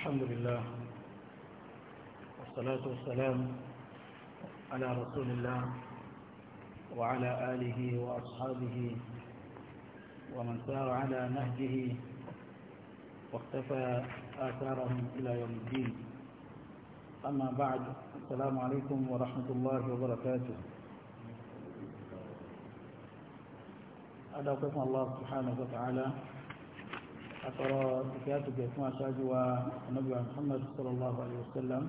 الحمد لله والصلاة والسلام على رسول الله وعلى آله وأصحابه ومن سار على نهجه واختفى آثارهم إلى يوم الدين أما بعد السلام عليكم ورحمة الله وبركاته أدعوكم الله سبحانه وتعالى àtọ̀rọ̀ ìfẹ́ àtùgbẹ̀ fún aṣáájú wa anábíwa muhammad sallallahu alaihi wasallam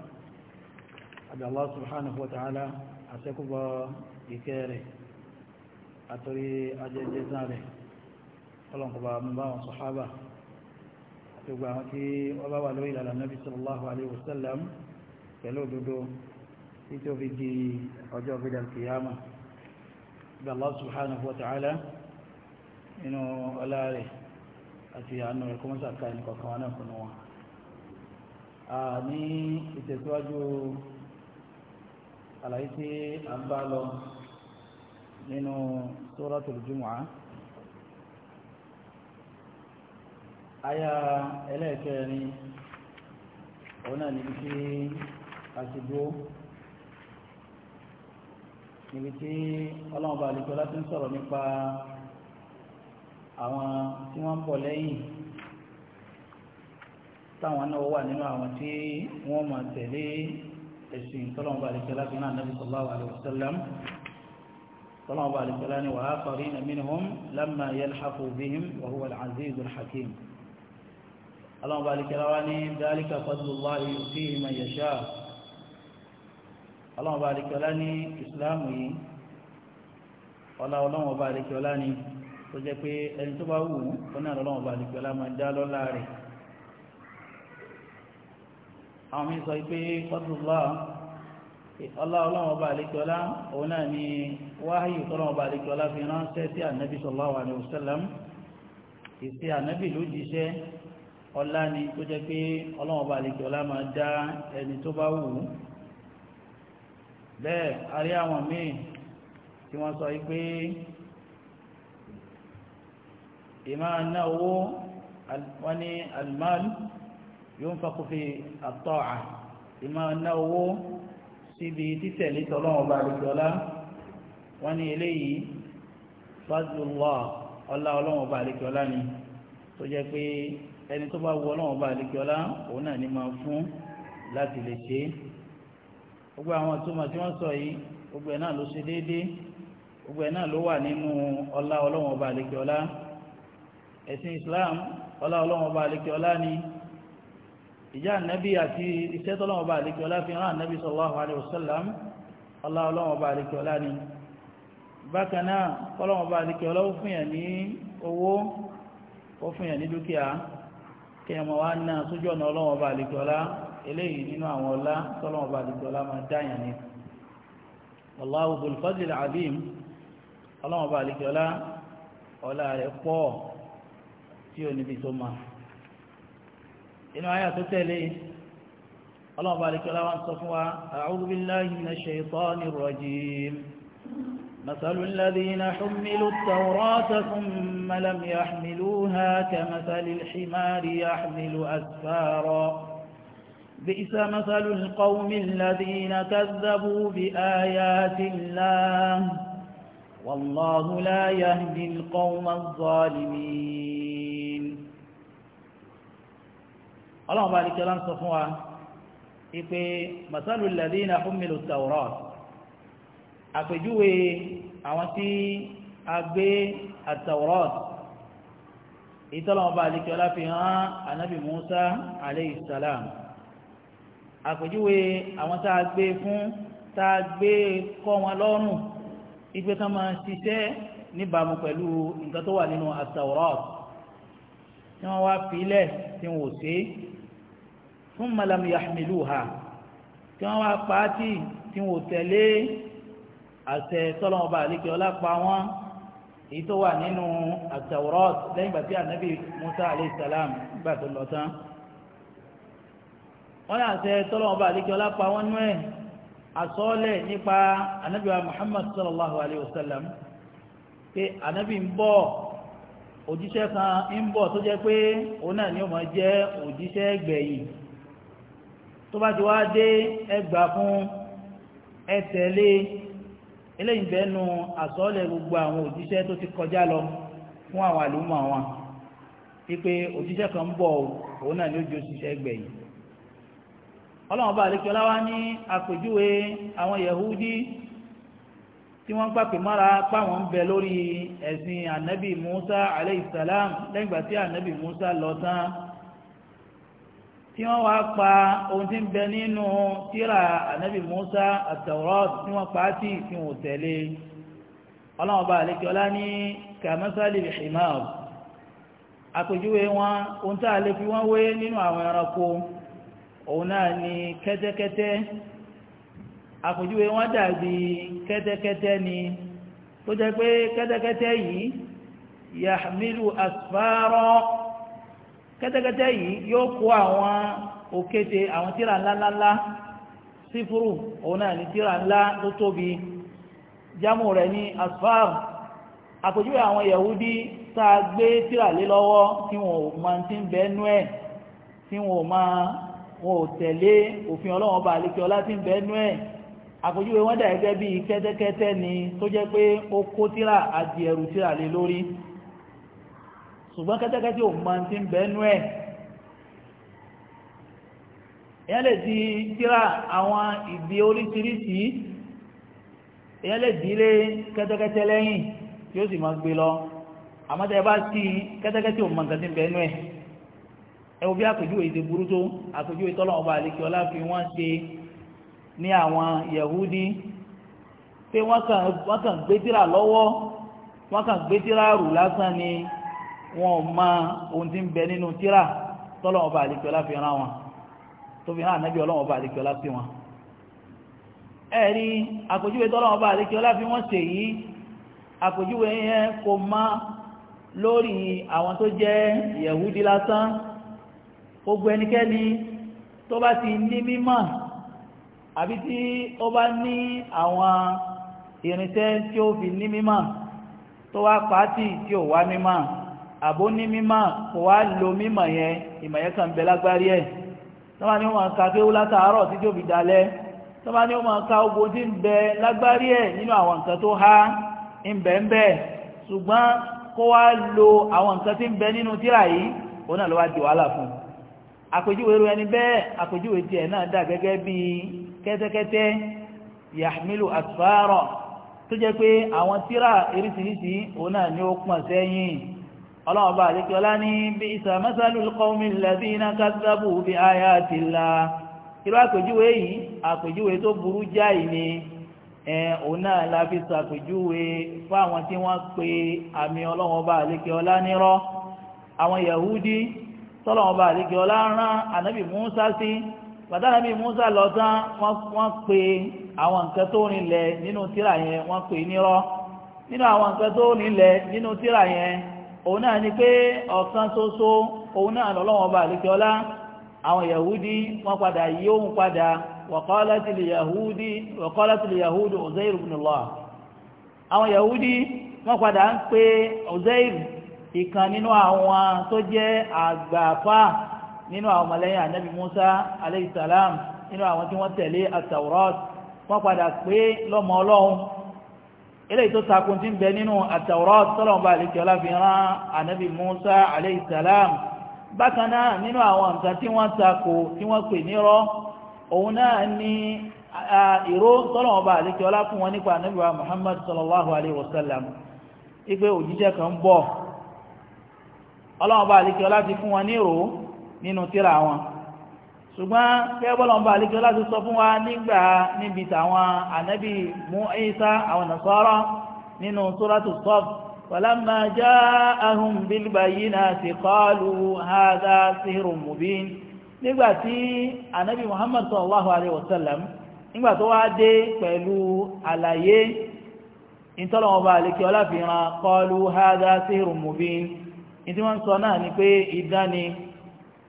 àbí allah subhanahu wa ta'ala àṣẹ́kùbọ̀ ìkẹ́ rẹ̀ àtọ́rí ajẹ́jẹ́ tán rẹ̀ ọlọ́nkọba mọ́bá wọn sọ̀hábà àti gbogbo àwọn tí wọ́n bá wà lórí ọlá rẹ̀ àti àánú rẹ̀ kọ́mọ́sà ká ẹni kọ̀ọ̀kan wa náà fúnnu wọn. ní ìtẹ̀síwájú àlàyé tí a ń bá lọ nínú Suratul Jumu'ah aya ẹlẹ́ẹ̀kẹrin òun náà níbi tí a ti dúró níbi tí ọlọ́run bá àlejò láti ń sọ̀rọ̀ nípa àwọn tí wọ́n ń bọ̀ lẹ́yìn táwọn náà wà nínú àwọn tí wọ́n máa tẹ̀lé ẹ̀sìn tọ́lọ́mọba àlejòlá fi náà nàbí sallallahu alaihi wasallam tọ́lọ́mọba àlejòlá ni wa akharina minhum lamma yalhaqu bihim wa huwa al-azizul hakim اللهم بارك لواني ذلك فضل الله يؤتيه من يشاء اللهم بارك لاني اسلامي ولا اللهم بارك لاني tó jẹ́ pé ẹni tó bá wù ú fún náà lọ́wọ́ bá nìkan lá máa dá lọ́lá rẹ̀ àwọn mi sọ pé fọ́tùlá ọlọ́wọ́ bá nìkan lá òun náà ni wáhàyè tọ́lọ́wọ́ bá nìkan lá fi ránṣẹ́ sí ànábì sallallahu alaihi wasallam ìpè ànábì ló jíṣẹ́ ọlá ni tó jẹ́ pé ọlọ́wọ́ bá nìkan lá máa dá ẹni tó bá wù ú bẹ́ẹ̀ arí àwọn míì tí wọ́n sọ pé ìmá ná owó wọ́n ní almal yunfaqu fi at-ta'a ìmá ná owó síbi títẹ̀lé tọ́lọ́wọ́n bá lè dọ́lá wọ́n ní eléyìí fadlullah ọlá ọlọ́wọ́n bá lè dọ́lá ni tó jẹ́ pé ẹni tó bá wọ ọlọ́wọ́n bá lè dọ́lá òun náà ni máa fún láti lè ṣe é gbogbo àwọn ìtumọ̀ tí wọ́n sọ yìí gbogbo ẹ̀ náà ló ṣe déédéé gbogbo ẹ̀ náà ló wà nínú ọlá ọlọ́wọ́n ọba àlekè ẹ̀sìn islam ọlá ọlọ́wọ́n bá àlekè ọlá ni ìjà ànábì àti iṣẹ́ tọ́lọ́wọ́n bá àlekè ọlá fi hàn ànábì sallallahu alaihi wasallam ọlá ọlọ́wọ́n bá àlekè ọlá ni bákan náà ọlọ́wọ́n bá àlekè ọlá ó fún yẹn ní owó ó fún yẹn ní dúkìá kí ẹ̀mọ̀ wá ná sójú ọ̀nà ọlọ́wọ́n bá àlekè ọlá eléyìí nínú àwọn ọlá tọ́lọ́wọ́n bá àlekè ọlá máa dáyàn ni wallahu dhul fadlil tí ò níbi tó ma inú ayé àtútẹ́lé ọlọ́ọ̀bá àríkọ́lá wa ń sọ fún wa a'udhu billahi minash shaytanir rajim مثل الذين حملوا التوراة ثم لم يحملوها كمثل الحمار يحمل أسفارا بئس مثل القوم الذين كذبوا بآيات الله والله لا يهدي القوم الظالمين ọlọ́run bá ní kí ọlọ́run sọ fún wa ipe masalu ladina humilu taurat àpèjúwe àwọn tí a gbé àtaurat ìtọ́lọ́run bá ní kí ọlá fi hàn anabi musa aleyhi salam àpèjúwe àwọn tá a gbé fún tá a gbé kọ́ wọn lọ́rùn ipe ká máa ṣiṣẹ́ níbàámu pẹ̀lú nǹkan tó wà nínú àtaurat tí wọ́n wá filẹ̀ tí wọ́n ò ṣe é thumma lam yahmiluha tí wọ́n wá pa á tì tí wọ́n tẹ̀lé àṣẹ àlékè pa èyí tó wà nínú lẹ́yìn Musa alayhi gbà tó lọ tán wọ́n àlékè pa nú ẹ̀ àsọ́ọ́lẹ̀ nípa ànábì wa Muhammad sallallahu alayhi wa sallam pé ànábì ń bọ̀ kan ń bọ̀ tó jẹ́ pé òun náà ni ó máa jẹ́ tó bá ti wá dé ẹgbà fún ẹtẹ̀lé eléyìí bẹ́ẹ̀ nu àsọ́ọ̀lẹ̀ gbogbo àwọn òjíṣẹ́ tó ti kọjá lọ fún àwọn àlùmọ̀ àwọn wípé òjíṣẹ́ kan ń bọ̀ òun náà ni ó di òṣìṣẹ́ gbẹ̀yìn ọlọ́run bá àlékí ọlá wá ní àpèjúwe àwọn yahudi tí wọ́n gbàpè mára páwọn ń bẹ lórí ẹ̀sìn ànábì musa aleyhisselam lẹ́yìn ìgbà tí anabi musa lọ tán tí wọ́n wá pa ohun tí ń bẹ nínú tíra ànábì Musa àtàwọ́rọ́ tí wọ́n pa á tì tí wọ́n tẹ̀lé ọlọ́wọ́n bá àlejò ọlá ní kàmásálì himar àpèjúwe wọn ohun tá a lè fi wọ́n wé nínú àwọn ẹranko òun náà ni kẹ́tẹ́kẹ́tẹ́ àpèjúwe wọn dàbí kẹ́tẹ́kẹ́tẹ́ ni tó jẹ́ pé kẹ́tẹ́kẹ́tẹ́ yìí yahmilu asfara kẹ́tẹ́kẹ́tẹ́ yìí yóò kó àwọn òkété àwọn tíra ńláńláńlá sífúrù òun náà ní tíra ńlá tó tóbi jámù rẹ̀ ní asfar àpèjúwe àwọn yahudi tá a gbé tíra lé lọ́wọ́ tí wọn ò máa ti ń bẹ́ẹ̀ nú ẹ̀ tí wọn ò máa wọn ò tẹ̀lé òfin ọlọ́run ọba àlekè ọlá tí ń bẹ́ẹ̀ nú ẹ̀ àpèjúwe wọn dà gẹ́gẹ́ bíi kẹ́tẹ́kẹ́tẹ́ ni tó jẹ́ pé ó kó tíra àdìẹ̀rù tíra lé lórí ṣùgbọ́n kẹ́tẹ́kẹ́tẹ́ ò mọ́ tí ń bẹ̀ẹ́nú ẹ̀ èyàn lè di tíra àwọn ìdí oríṣiríṣi èyàn lè di ilé kẹ́tẹ́kẹ́tẹ́ lẹ́yìn tí ó sì máa gbé lọ àmọ́tẹ́ bá sí kẹ́tẹ́kẹ́tẹ́ ò mọ́ nǹkan tí ń bẹ̀ẹ́nú ẹ̀ ẹ wo bí àpèjúwe ìdè burú tó àpèjúwe tọ́lọ́mọba àlekíọ́lá fi wọ́n ṣe ní àwọn Yahudi pé wọ́n kàn gbé tíra lọ́wọ́ wọ́n kàn gbé tíra rù lásán ni wọn ò mọ ohun tí ń bẹ nínú tíra tọ́lọ́wọ́ bá àlekíọ́lá fi rán wọn tó fi rán ànábì ọlọ́wọ́ bá àlekíọ́lá sí wọn ẹ̀rí àpòjúwe tọ́lọ́wọ́ bá àlekíọ́lá fi wọ́n ṣe yìí àpòjúwe yẹn kò mọ lórí àwọn tó jẹ́ yẹ̀wúdí lásán gbogbo ẹnikẹ́ni tó bá ti ní mímọ̀ àbí tí ó bá ní àwọn irinṣẹ́ tí ó fi ní mímọ̀ tó wá pàátì tí ò wá mímọ̀ àbó ní mímọ̀ kò wá lo mímọ̀ yẹn ìmọ̀ yẹn kàn bẹ lágbárí ẹ̀ tọ́ba ni ó máa ka kéwú látàárọ̀ títí ó fi dalẹ̀ tọ́ba ni ó máa ka ogun tí ń bẹ lágbárí ẹ̀ nínú àwọn nǹkan tó há ń bẹ ń bẹ ṣùgbọ́n kó wá lo àwọn nǹkan tí ń bẹ nínú tíra yìí òun náà ló wá di wàhálà fún un àpèjúwe irú ẹni bẹ́ẹ̀ àpèjúwe tiẹ̀ náà dà gẹ́gẹ́ bí kẹ́tẹ́kẹ́tẹ́ yahmilu asfara tó jẹ́ pé àwọn tíra eríṣiríṣi òun náà ni ó pọ̀n sẹ́yìn ọlọ́run bá àdékí ọlá ní bí ìsà masalul qawmil ladhina kazzabu bi ayatillah irú àpèjúwe yìí àpèjúwe tó burú jáì ni òun náà la fi sàpèjúwe fáwọn tí wọ́n pe àmì ọlọ́run bá àdékí ọlá nírọ́ àwọn yahudi tọ́lọ́run bá àdékí ọlá rán ànábì musa sí pàtàkì musa lọ tán wọ́n pe àwọn nǹkan tó rinlẹ̀ nínú tíra yẹn wọ́n pe nírọ́ nínú àwọn nǹkan tó rinlẹ̀ nínú tíra yẹn òun náà ni pé ọ̀kan ṣoṣo òun náà lọ́lọ́wọ́ bá àlékẹ́ ọlá àwọn yahudi wọ́n padà yíó ń padà wa qalatil yahudi wa qalatil yahudi Uzair ibn Allah àwọn yahudi wọ́n padà ń pè Uzair ìkan nínú àwọn tó jẹ́ àgbàfà nínú àwọn mọ̀lẹ́yìn ànábì Musa alayhi salam nínú àwọn tí wọ́n tẹ̀lé at wọ́n padà pé lọ́mọ ọlọ́run eléyìí tó takun ti ń bẹ nínú àtàwọ̀rọ̀ tọ́lọ̀mọba àlejòọ́lá fi rán ànábì musa aleyhisselam bákan náà nínú àwọn nǹkan tí wọ́n takò tí wọ́n pè nírọ́ òun náà ní ìró tọ́lọ̀mọba àlejòọ́lá fún wọn nípa ànábì wa muhammad sallallahu alayhi wa sallam ipe òjíṣẹ́ kan ń bọ̀ ọlọ́mọba àlejòọ́lá ti wọn ní ìró nínú tírà wọn ṣùgbọ́n kẹ́bọ́lọ́mbà àlejò láti sọ fún wa nígbà níbi tàwọn ànábì Mùsá àwọn nàṣọ́rọ́ nínú suratu Saff walamma ja'ahum bil bayyinati qalu hadha sihrun mubin nígbà tí ànábì Muhammad sallallahu alayhi wa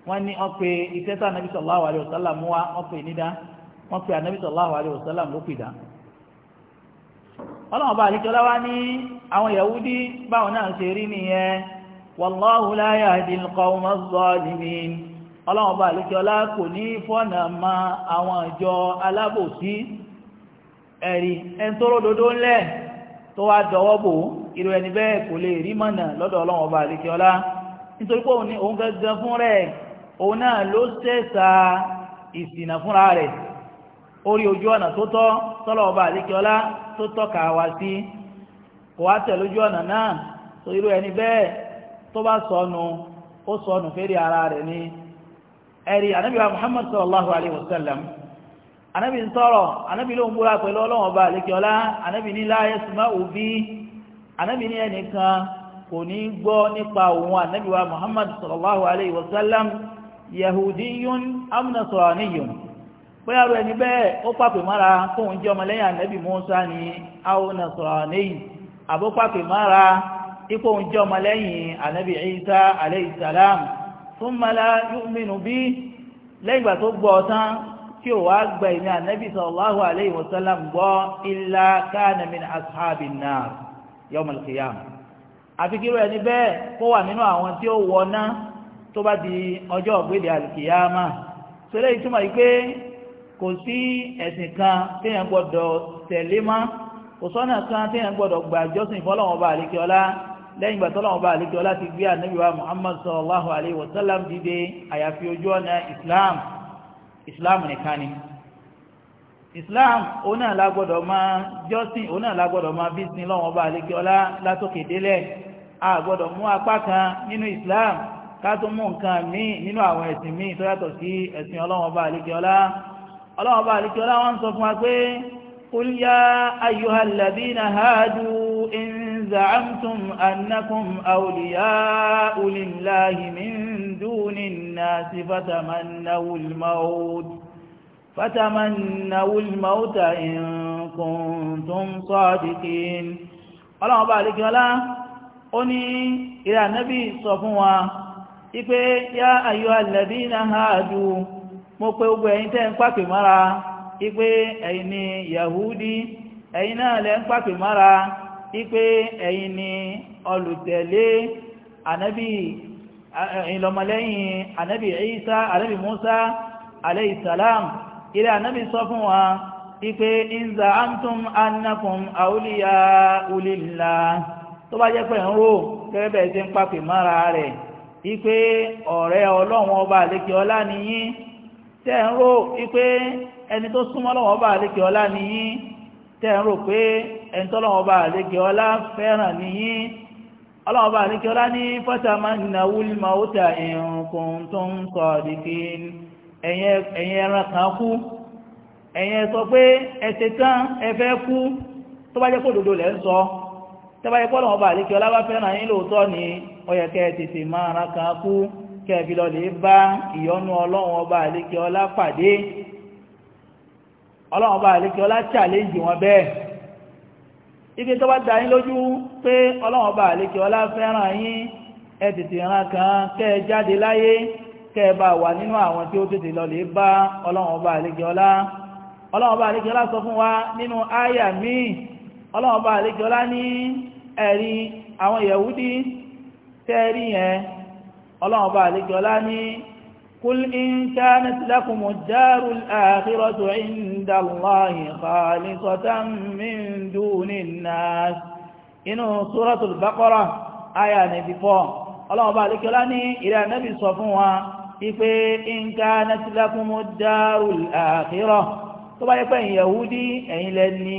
wọ́n ní wọ́n pe iṣẹ́ tá anabi sallallahu alayhi wa sallam wá wọ́n pe nídá wọ́n pe anabi sallallahu alayhi wa sallam ló pè dá. ọlọ́run bá àdìjọ́lá wá ní àwọn yahudi báwọn náà ṣe rí nìyẹn wallahu la yahdi al ọlọ́run bá àdìjọ́lá kò ní fọ́nà ma àwọn ìjọ alábòsí ẹ̀rí ẹni tó ródodo ńlẹ̀ tó wá dọwọ́ bò irú ẹni bẹ́ẹ̀ kò lè rí mọ̀nà lọ́dọ̀ ọlọ́run bá àdìjọ́lá nítorí pé òun gẹ́gẹ́ fún rẹ̀ òun náà ló sẹ́sà ìsìnà fúnra rẹ̀ orí ojú ọ̀nà tó tọ́ tọ́lọ̀ ọba àdékíọ́lá tó tọ́ka wá sí kò wá tẹ̀ lójú ọ̀nà náà tó irú ẹni bẹ́ẹ̀ tó bá sọnù ó sọnù fèrè ara rẹ̀ ni ẹ̀rí anábì wa muhammad sallallahu alayhi wa sallam anábì ń sọ̀rọ̀ anábì ló ń búra pẹ̀lú ọlọ́wọ̀n ọba àdékíọ́lá anábì ní anábì ní ẹnìkan kò ní gbọ́ nípa muhammad sallallahu alayhi wa sallam yahudi am nasrani bóyá rẹ̀ níbẹ̀ ó pàpè mára kóhun jẹ́ nabi musa ni aw nasrani àbó pàpè mára ikóhun jẹ́ ọmọlẹ́yìn anabi isa alayhi salam thumma la yu'minu bi lẹ́yìn ìgbà tó gbọ́ gba alayhi wa sallam illa kana min ashabin nar yawm al-qiyamah tó bá di ọjọ́ ọ̀gbẹ́dẹ̀ àlùkìyàmá sọlẹ́ ìtumọ̀ yìí pé kò sí ẹ̀sìn kan téèyàn gbọ́dọ̀ tẹ̀lé má kò sọ́nà kan téèyàn gbọ́dọ̀ gbà jọ́sìn fọlọ́wọ́n ọba àlekíọ́lá lẹ́yìn ìgbà tọ́lọ́wọ́n ọba àlekíọ́lá ti gbé ànábìwá muhammad sallallahu alayhi wa sallam dìde àyàfi ojú ọ̀nà islam islam nìkan ni islam òun náà la gbọ́dọ̀ máa jọ́sìn òun náà la gbọ́dọ̀ máa bí sin lọ́wọ́n ọba àlekíọ́lá látòkè délẹ̀ a mú apá kan nínú islam kátó mú nǹkan mí nínú àwọn ẹ̀sìn mí tó yàtọ̀ sí ẹ̀sìn ọlọ́wọ́n bá àlíkẹ́ ọlá ọlọ́wọ́n bá àlíkẹ́ ọlá wọ́n sọ fún wa pé qul ya ayyuhal ladhina hadu in za'amtum annakum awliya'u lillahi min duni nnasi fatamannawul mawt فتمنوا الموت إن كنتم صادقين ọlọ́run bá àlíkẹ́ ọlá ó ní ìrẹ́ ànábì sọ fún wa ipe ya ayọ́ alẹ́bí náà ha dù mo pe gbogbo ẹ̀yin tẹ́ ń pàpè mọ́ra ipe ẹ̀yin ni yahudi ẹ̀yin náà lẹ́ ń pàpè mọ́ra ipe ẹ̀yin ni olùtẹ̀lé ànábì ìlọmọlẹ́yìn ànábì Isa ànábì Musa alayhi salam ilẹ̀ ànábì sọ fún wa ipe inza amtum annakum awliya ulillah tó bá jẹ́ pé gẹ́gẹ́ bẹ́ẹ̀ ṣe ń pàpè mọ́ra rẹ̀ ipe ọ̀rẹ́ ọlọ́run ọba àlékè ọlá ni yín tẹ́ ń rò ipe ẹni tó súnmọ́ ọlọ́run ọba àlékè ọlá ni yín tẹ́ ń rò pé ẹni tọ́lọ́run ọba àlékè ọlá fẹ́ràn ni yín ọlọ́run ọba àlékè ọlá ní fatamannawul mauta in kuntum sadiqin ẹ̀yin ẹran kan kú ẹ̀yin sọ pé ẹ̀ṣẹ̀ tán ẹ kú tó bá jẹ́ kó òdodo lẹ́ ń sọ tẹ́bá yẹ pọ́lọ̀ ọba àríkẹ́ ọlá bá fẹ́ràn yín lóòótọ́ ni ó yẹ kẹ́ tètè máa ra kan kú kẹ́ẹ̀bí lọ lè bá ìyọnu ọlọ́run ọba àríkẹ́ ọlá pàdé ọlọ́run ọba àríkẹ́ ọlá challenge wọn bẹ́ẹ̀ ibi tó bá dá yín lójú pé ọlọ́run ọba àríkẹ́ ọlá fẹ́ràn yín ẹ tètè ra kan kẹ́ẹ jáde láyé kẹ́ẹ bá wà nínú àwọn tí ó tètè lọ lè bá ọlọ́run ọba àríkẹ́ ọlá ọlọ́run ọba àríkẹ́ wa nínú áyà míì ọlọ́run ọba àríkẹ́ ọlá ní ẹ̀rí àwọn yẹ̀wúdí tẹ́rí yẹn ọlọ́run bá àlejọ́lá ní kul in kanat lakumu darul akhiratu inda Allahi khalisatan min dunin nas inú suratul baqara aya 94 ọlọ́run bá àlejọ́lá ní ìrẹ́ ànábì sọ fún wa ipe in kanat lakumu darul akhirah tó bá yẹ pé ẹ̀yin yẹ̀wúdí ẹ̀yin lẹ ní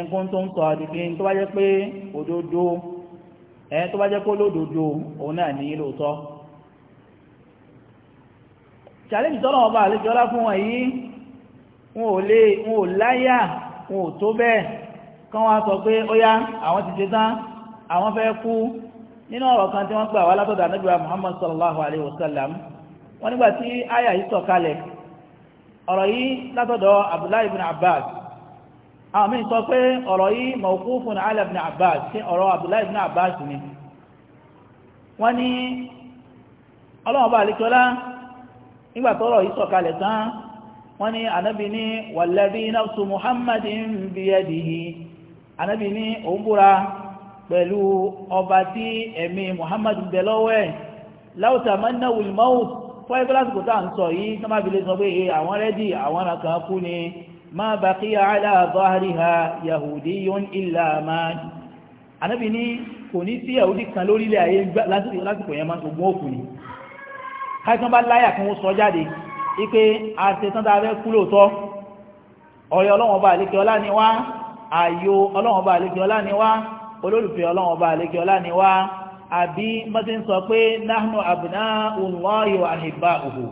nǹkan tó ń sọ àdìgbì tó bá jẹ́ pé òdodo ẹ̀ tó bá jẹ́ kó lódodo òun náà ní lóòótọ́ challenge tọ́lọ̀ ọba àlejọ́lá fún wọn yìí wọn ò lè wọn ò láyà wọn ò tó bẹ́ẹ̀ kán wá sọ pé ó yá àwọn ti ṣe tán àwọn fẹ́ kú nínú ọ̀rọ̀ kan tí wọ́n gbà wá látọ̀dọ̀ anábìwá Muhammad sallallahu alayhi wa sallam wọ́n nígbà tí àyà yìí sọ̀kalẹ̀ ọ̀rọ̀ yìí látọ̀dọ̀ Abdullahi ibn Abbas àwọn mí sọ pé ọ̀rọ̀ yìí mawqufun ala ibn Abbas tí ọ̀rọ̀ Abdullahi ibn Abbas ni wọ́n ní ọlọ́wọ́n bá alikọ́lá nígbàtọ́rọ̀ yìí sọ̀kalẹ̀ tán wọ́n ní anábi ní walladhi nafsu Muhammadin biyadihi anábi ní òun búra pẹ̀lú ọba tí ẹ̀mí Muhammad bẹ lọ́wọ́ ẹ̀ law tamannaw al-mawt ma baqiya ala zahriha yahudiyun illa man anábì ní kò ní sí yahudi kan lórílẹ̀ ayé lásìkò yẹn máa ogun òkú ni káìsán bá láyà kan ó sọ jáde ipé àṣetán dáa fẹ́ kú lóòótọ́ ọ̀rẹ́ ọlọ́wọ́n bá àlékè ọlá ni wá ààyò ọlọ́wọ́n bá àlékè ọlá ni wá olólùfẹ́ ọlọ́wọ́n bá àlékè ọlá ni wá àbí mọ́tí ń sọ pé nahnu abna'ullahi wa ahibba'uhu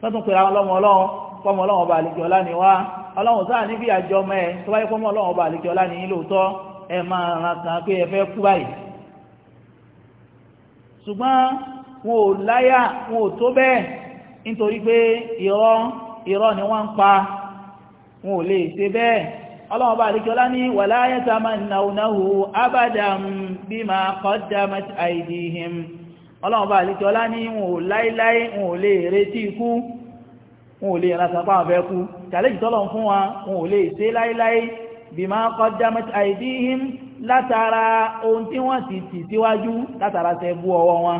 tọ́tún pèrè àwọn ọlọ́wọ́n ọlọ́wọ́n pọ́mọ ọlọ́wọ́n bá àlékè ọlá ni wá ọlọ́run sáà níbi àjọ ọmọ ẹ tó bá yẹ pọ́nmọ́ ọlọ́run ọba àlejò ọlá ní lóòótọ́ ẹ máa ran kan pé ẹ fẹ́ kú báyìí ṣùgbọ́n wọn ò láyà wọn ò tó bẹ́ẹ̀ nítorí pé irọ́ irọ́ ni wọ́n ń pa wọn ò lè ṣe bẹ́ẹ̀ ọlọ́run ọba àlejò ọlá ní wala yatamannahu abadan bima qaddamat aydihim ọlọ́run bá àlítọ́ lá ní wọn ò láíláí wọn ò lè retí ikú wọn ò lè ránṣàpá ọ̀fẹ́ kú challenge tọ́lọ̀ fún wa wọn ò lè ṣe láéláé bima qaddamat aydihim látara ohun tí wọ́n ti tì síwájú látara tẹ bú ọwọ́ wọn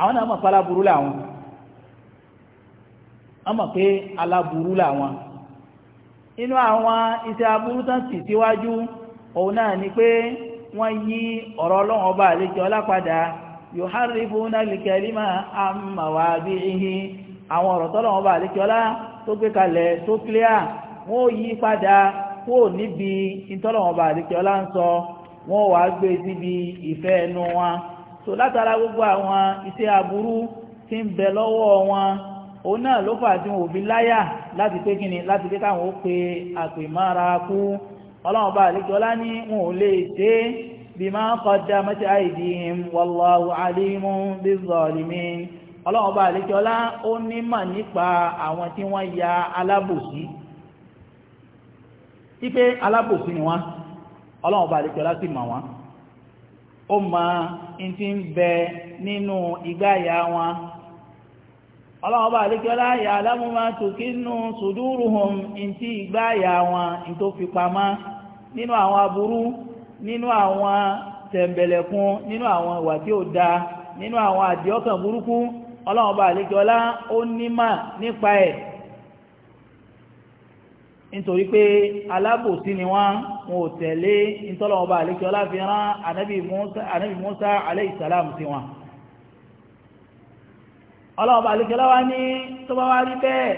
àwọn náà mọ̀ pé aláburú làwọn àwọn iṣẹ́ aburú tán síwájú òun ni pé wọ́n yí ọ̀rọ̀ ọlọ́run ọba àlejò ọlápadà yuharrifuna al-kalima amma waadi'ihi àwọn ọ̀rọ̀ tọ́lọ́run ọba àlejò tó gbé kalẹ̀ tó clear wọ́n ó yí padà kúrò níbi ìtọ́lọ̀wọ̀nba àdìkẹ́ ọlá ń sọ wọ́n wàá gbé síbi ìfẹ́ ẹnu wọn so látara gbogbo àwọn iṣẹ́ aburú tí ń bẹ lọ́wọ́ wọn òun náà ló fà tí wọn ò fi láyà láti pé kíni láti pé káwọn ó pe àpèmára kú ọlọ́wọ̀nba àdìkẹ́ ọlá ní wọn ò lè dé bima qaddamat aydihim wallahu alimun bizzalimin ọlọ́run bá àlejò ọlá ó nímọ̀ nípa àwọn tí wọ́n ya alábòsí wípé alábòsí ni wọ́n ọlọ́run bá àlejò ọlá sì mọ̀ wọ́n ó mọ in ti ń bẹ nínú ìgbáyà wọn ọlọ́run bá àlejò ọlá ya alámúmá tòkí nù sùdúrùhùn in ti ìgbáyà wọn in tó fi pamọ́ nínú àwọn aburú nínú àwọn tẹ̀m̀bẹ̀lẹ̀kun nínú àwọn ìwà tí ó da nínú àwọn àdìọ́kàn burúkú ọlọ́run bá àlékí ọlá ó nímà nípa ẹ̀ nítorí pé alábòsí ni wọ́n wọn ò tẹ̀lé ìtọ́lọ́run bá àlékí ọlá fi rán anábì Musa alayhi salam sí wọn ọlọ́run bá àlékí ọlá wá ní tó bá wá rí bẹ́ẹ̀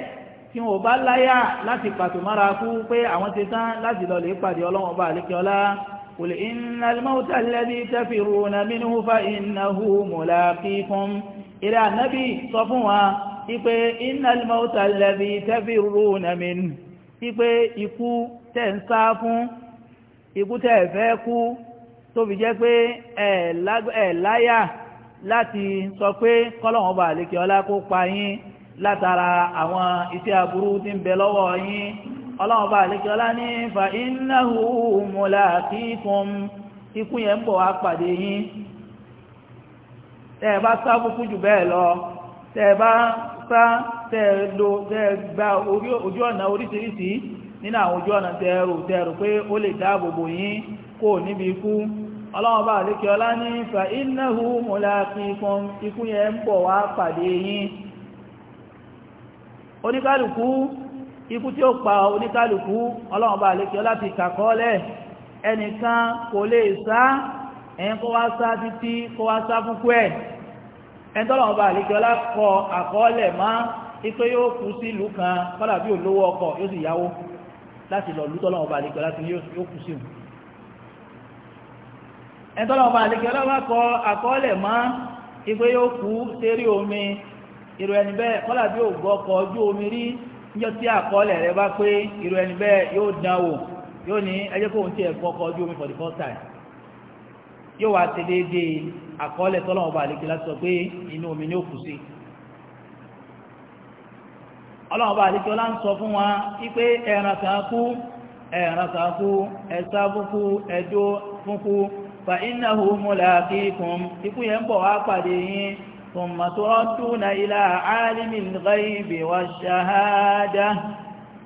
tí wọn ò bá láyà láti pàtó mára kú pé àwọn ti tán láti lọ lè pàdé ọlọ́run bá àlékí ọlá قل إن الموت الذي تفرون منه فإنه ملاقيكم ìrẹ́ ànábì sọ fún wa ipé innal mauta alladhi tafirruna min ipé ikú tẹ́ ń sá fún ikú tẹ́ fẹ́ kú tó fi jẹ́ pé ẹ̀ láyà láti sọ pé kọ́lọ̀wọ́n bá àlékè ọlá kó pa yín látara àwọn iṣẹ́ aburú tí ń bẹ lọ́wọ́ yín ọlọ́wọ́n bá àlékè ọlá ní fa innahu mulaqikum ikú yẹn ń bọ̀ wá pàdé yín tẹ́ ẹ bá sá búkú jù bẹ́ẹ̀ lọ tẹ́ bá sá tẹ́ lo tẹ́ gba ojú ọ̀nà oríṣiríṣi nínú àwọn ojú ọ̀nà rò rò pé ó lè dáàbò bò yín kó o níbi ikú ọlọ́run bá ọlá ní fa ikú yẹn ń bọ̀ wá pàdé yín oníkálùkù ikú tí ó pa ọlọ́run ti kàkọ́ọ́lẹ̀ ẹnìkan kò lè sá ẹ̀yìn kó wá sá títí kó wá ẹ̀ńtọ́lọ̀ ọba àlejòlá kọ àkọọ́lẹ̀ má ipé yóò kú sí ìlú kan kọ́dà bí olówó ọkọ̀ yóò sì yáwó láti lọ lú tọ́lọ̀ ọba àlejòlá tí yóò kú sí òun ẹ̀ńtọ́lọ̀ ọba àlejòlá wá kọ àkọọ́lẹ̀ má ipé yóò kú sérí omi ìrò ẹni bẹ́ẹ̀ kọ́dà bí ògbọ́ ọkọ̀ ojú omi rí níjọ́ tí àkọọ́lẹ̀ rẹ bá pé ìrò ẹni bẹ́ẹ̀ yóò dán yóò ní ẹjẹ́ kóhun tiẹ̀ fọkọ̀ ojú omi for the first time yóò wá ṣe déédéé àkọọ́lẹ̀ tọ́lọ́wọ́ bá àlékè láti sọ pé inú omi ni ó kù sí ọlọ́wọ́ bá àlékè ọlá ń sọ fún wa wípé ẹran kan kú ẹran kan kú ẹ̀sá fúnkú ẹ̀dó fúnkú fa innahu mulaqikum ikú yẹn ń bọ̀ wá pàdé yín thumma turadduna ila alimil ghaybi wash shahada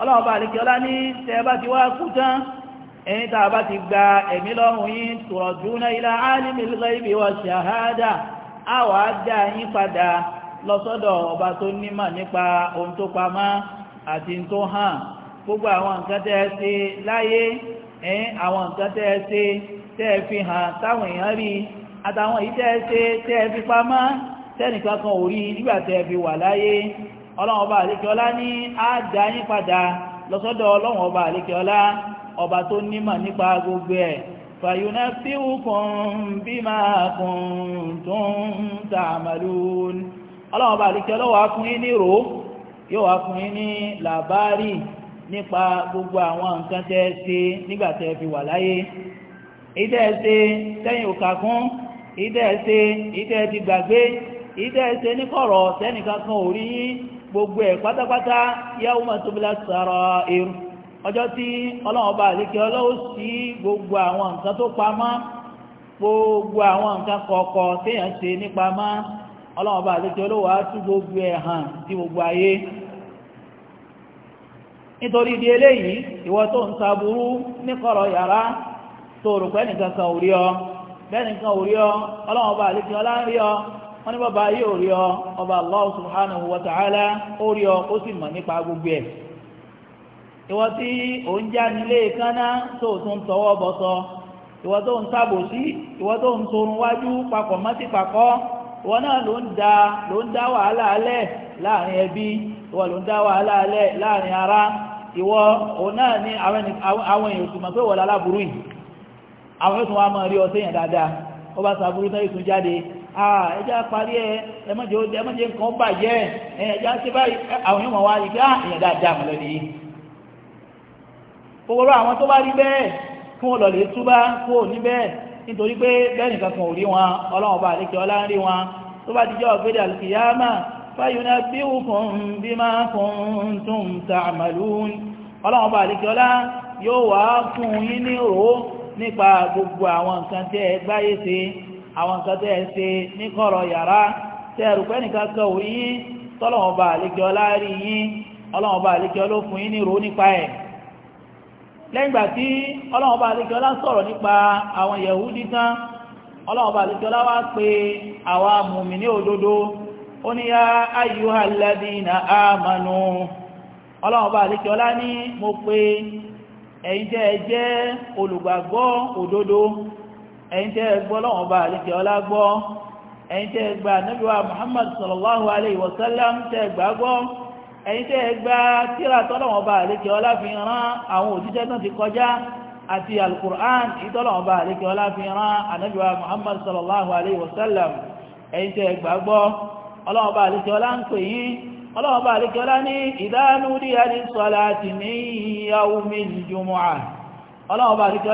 ọlọ́wọ́ bá àlékè ọlá ní tẹ́ bá ti wá kú tán ẹ̀yin tá a bá ti gba ẹ̀mí lọ́rùn yín tùrọ̀dúnà ilá alimil ghaibi wa shahada a wà á dá yín padà lọ́sọ́dọ̀ ọba tó nímọ̀ nípa ohun tó pamọ́ àti tó hàn gbogbo àwọn nǹkan tẹ́ ẹ ṣe láyé ẹ̀yin àwọn nǹkan tẹ́ ẹ ṣe tẹ́ fi hàn táwọn èèyàn rí àtàwọn èyí tẹ́ ṣe tẹ́ fi pamọ́ tẹ́nìkan kan ò rí nígbà tẹ́ fi wà láyé ọlọ́run ọba àlékeọlá ní á dá padà lọ́sọ́dọ̀ ọlọ́run ọba àlékeọlá ọba tó nímọ̀ nípa gbogbo ẹ̀ fàyúnà síwùkùn bí máa kùn tó ń tààmàlú ọlọ́wọ́ bá àríkẹ́ lọ́wọ́ akùnrin ní ro yóò wá fún yín ní làbárì nípa gbogbo àwọn nǹkan tẹ́ ṣe nígbà tẹ́ fi wà láyé ìdẹ́ ṣe tẹ́yìn òkàkún ìdẹ́ ṣe ìdẹ́ ti gbàgbé ìdẹ́ ṣe ní kọ̀rọ̀ tẹ́nìkankan ò rí gbogbo ẹ̀ pátápátá yawma tubla sarair ọjọ́ tí ọlọ́run ọba àlékè ọlọ́wọ́ sí gbogbo àwọn nǹkan tó pamọ́ gbogbo àwọn nǹkan kọ̀ọ̀kọ̀ téèyàn ṣe nípa ọlọ́wọ́ gbogbo ẹ̀ hàn gbogbo ayé nítorí ìdí eléyìí ìwọ tó ń saburú yàrá tó rò pé nìkan kan ò rí ọ ọba ọlá ń rí ọ wọ́n gbogbo ìwọ tí ò ń já nílé kánná tó tún tọwọ́ bọ̀sọ ìwọ tó ń sábòsí ìwọ tó ń torun wájú papọ̀ mọ́tì papọ̀ ìwọ náà ló ń da ló ń dá wàhálà alẹ́ láàrin ẹbí ìwọ ló ń dá wàhálà alẹ́ láàrin ará ìwọ òun náà ní àwọn èèyàn tó mọ̀ pé wọ́n láláburú yìí àwọn èèyàn tó wá máa rí ọtí yẹn dáadáa ó bá sàbúrú náà ìtún jáde àà ẹjá parí ẹ ẹmọ́jẹ́ nǹkan bàjẹ́ ẹ̀yẹ̀já sí àwọn èèyàn mọ̀ wá rí pé àà èèyàn dáadáa mọ̀ lẹ́nu gbogbo àwọn tó bá rí bẹ́ẹ̀ fún ọlọ́lẹ̀ túbá kú ò ní bẹ́ẹ̀ nítorí pé bẹ́ẹ̀ nìkan kan ò rí wọn ọlọ́run bá àlékè ọlá ń rí wọn tó bá dijọ́ ọ̀gbẹ́dẹ̀ àlùkìyàmà fáyọnà bí òkun bí máa kún tún tààmàlún ọlọ́run bá àlékè ọlá yóò wá fún yín ní òó nípa gbogbo àwọn nǹkan tẹ́ ẹ gbáyé ṣe àwọn nǹkan tẹ́ ẹ ṣe ní kọ̀rọ̀ yàrá tẹ́ ẹ rùpẹ́ nìkan kan ò yín tọ́lọ́run bá àlékè ọlá rí yín ọlọ́run bá àlékè ọlá fún yín ní òó nípa ẹ̀ lẹ́yìngbà tí ọlọ́wọ́ba àdékọ́lá sọ̀rọ̀ nípa àwọn yẹ̀húdí tán ọlọ́wọ́ba àdékọ́lá wá pé àwa mùmìnì òdodo ó ní yá ayyuha alladhina ní mo pé ẹ̀yin tẹ́ olùgbàgbọ́ òdodo ẹ̀yin tẹ́ gbọ́ Muhammad ẹ̀yin tẹ́ ẹ gba tíra tọ́lọ̀wọ̀n bá àlékẹ́ ọlá fi rán àwọn òjíṣẹ́ náà ti kọjá àti alukur'an ìtọ́lọ̀wọ̀n bá àlékẹ́ ọlá fi rán ànábì wa muhammad sallallahu alayhi wa sallam ẹ̀yin tẹ́ ẹ gbàgbọ́ ọlọ́wọ̀n bá àlékẹ́ ọlá ń pè yín ọlọ́wọ̀n bá àlékẹ́ ọlá ní ìdánú díya ní sọláàtì ní yawmi jumu'a ọlọ́wọ̀n bá àlékẹ́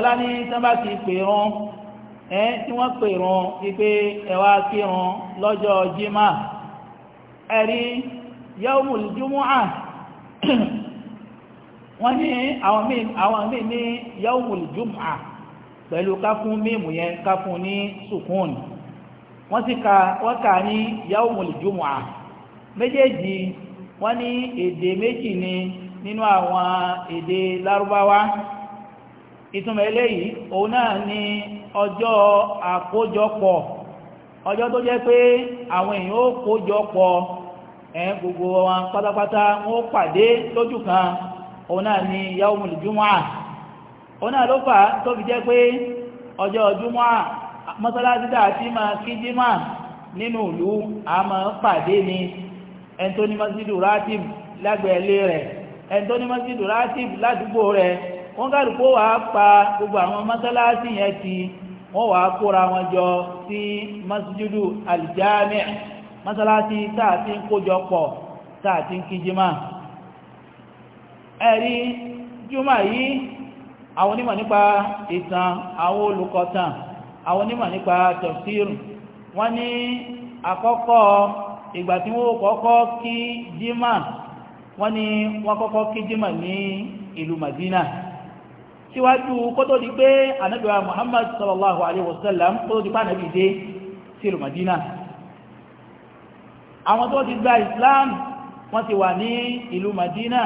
ẹ̀rí yawmul jumu'ah wọ́n ní àwọn míì ní yawmul jumu'ah pẹ̀lú ká fún mímù yẹn ká fún ní sukun wọ́n sì ka wọ́n kà ní yawmul jumu'ah méjèèjì wọ́n ní èdè méjì ni nínú àwọn èdè lárúbáwá ìtumọ̀ eléyìí òun náà ni ọjọ́ àkójọpọ̀ ọjọ́ tó jẹ́ pé àwọn èèyàn ó kójọpọ̀ ẹ̀ẹ́n gbogbo wọn pátápátá wọn pàdé lójú kan òun náà ni yaumul jumu'ah òun náà ló fà tó fi jẹ́ pé ọjọ́ mọ́sálásí máa nínú ìlú a pàdé ni ẹni masjidu ratib lágbẹ̀ẹ́lé rẹ̀ ẹni masjidu ratib ládùúgbò rẹ̀ wọ́n kó wàá pa gbogbo àwọn mọ́sálásí yẹn ti wọ́n wàá kóra wọn jọ mọ́sálásí táà ti ń kójọ pọ̀ táà ti ń kí jímá ẹ̀rí jùmá yìí àwọn onímọ̀ nípa ìtàn àwọn olùkọ̀tàn àwọn onímọ̀ nípa tafsir wọ́n ní àkọ́kọ́ ìgbà tí wọ́n kọ́kọ́ kí jímá wọ́n ní wọ́n kọ́kọ́ kí jímá ní ìlú Madina síwájú kótó di pé ànábì Muhammad sallallahu alaihi wasallam kótó di pé ànábì dé sí ìlú Madina àwọn tó ti gba islam wọ́n ti wà ní ìlú madina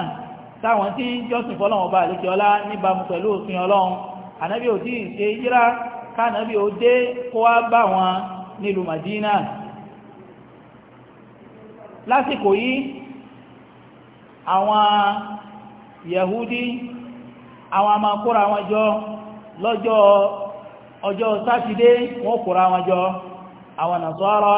táwọn tí jọ́sìn fọ́lọ́wọ́n bá àlékè ọlá níbàmú pẹ̀lú òfin ọlọ́run ànábì ò tí ì ṣe yíra kánábì ó dé kó wá bá wọn nílùú madina lásìkò yìí àwọn yahudi àwọn a máa kóra wọn jọ lọ́jọ́ ọjọ́ sátidé wọ́n kóra wọn jọ àwọn nàṣọ́rọ́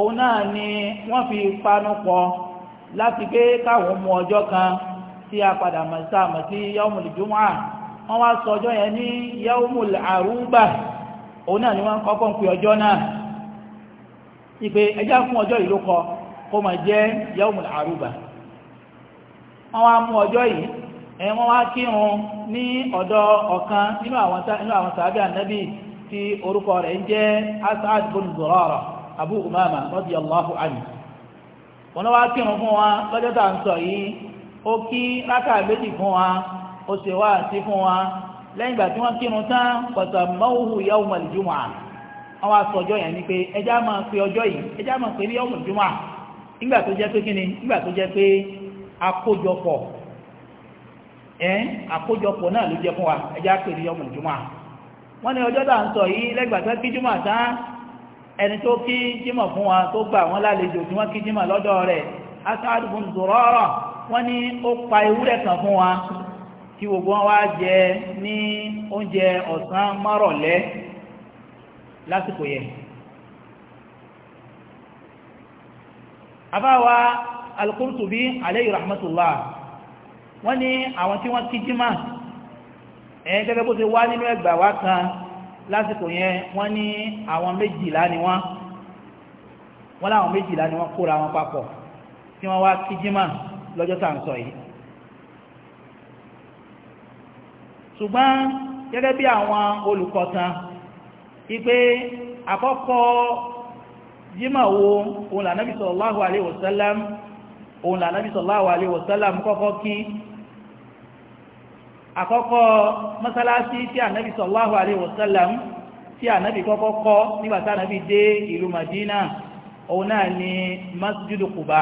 òun náà ni wọ́n fi panupọ̀ láti pé káwọn mú ọjọ́ kan tí a padà mọ̀ sáàmù sí yaumul jumu'a wọ́n wá sọ ọjọ́ yẹn ní yaumul aruba òun náà ni wọ́n kọ́kọ́ ń pè ọjọ́ náà ìpè ẹjá fún ọjọ́ yìí ló kọ kó aruba wọ́n wá mú ọjọ́ yìí ẹ̀yìn wọ́n wá kírun ní ọ̀dọ̀ ọ̀kan nínú àwọn ànábì tí orúkọ rẹ̀ ń jẹ́ abu umama radiyallahu anhu wọn wá kírun fún wa lọ́jọ́ tá à ń sọ yìí ó kí rákà méjì fún wa ó ṣe wá àti fún wa lẹ́yìn ìgbà tí wọ́n kírun tán pọ̀tà mọ́wùhù yawmal jumu'ah wọ́n wá sọ ọjọ́ yẹn ni pé ẹjá máa pe ọjọ́ yìí ẹjá máa pe ní yawmal jumu'ah nígbà tó jẹ́ pé kí ni nígbà tó jẹ́ pé àkójọpọ̀ ẹ̀ àkójọpọ̀ náà ló jẹ́ fún wa ẹjá pè ní yawmal jumu'ah wọ́n ní ọjọ́ tá à ń sọ yìí lẹ́gbàtà kí ẹni tó kí jímọ̀ fún wa tó gbà wọ́n lálejò tí wọ́n kí jímọ̀ lọ́dọ̀ rẹ̀ As'ad ibn Zurara wọ́n ní ó pa ewúrẹ́ kan fún wa kí gbogbo wọn wá jẹ ní oúnjẹ ọ̀sán márọ̀lẹ́ lásìkò yẹn àbáwa al-Qurtubi alayhi rahmatullah wọ́n ní àwọn tí wọ́n kí jímọ̀ ẹ̀ẹ́dẹ́gbẹ́ bó ti wá nínú ẹgbàá wa kan lásìkò yẹn wọ́n ní àwọn méjìlá ni wọ́n wọ́n láwọn méjìlá ni wọ́n kóra wọn papọ̀ tí wọ́n wá kí jímà lọ́jọ́ tá à ń sọ yìí ṣùgbọ́n gẹ́gẹ́ bí àwọn olùkọ̀tàn wípé àkọ́kọ́ jímà wo òun lànàbì sallallahu alaihi wasallam òun lànàbì sallallahu alaihi wasallam kọ́kọ́ kí àkọ́kọ́ mọ́sálásí tí ànábì sallallahu alaihi wasallam tí ànábì kọ́kọ́ kọ́ nígbà tí ànábì dé ìlú Madina òun náà ni masjidu Quba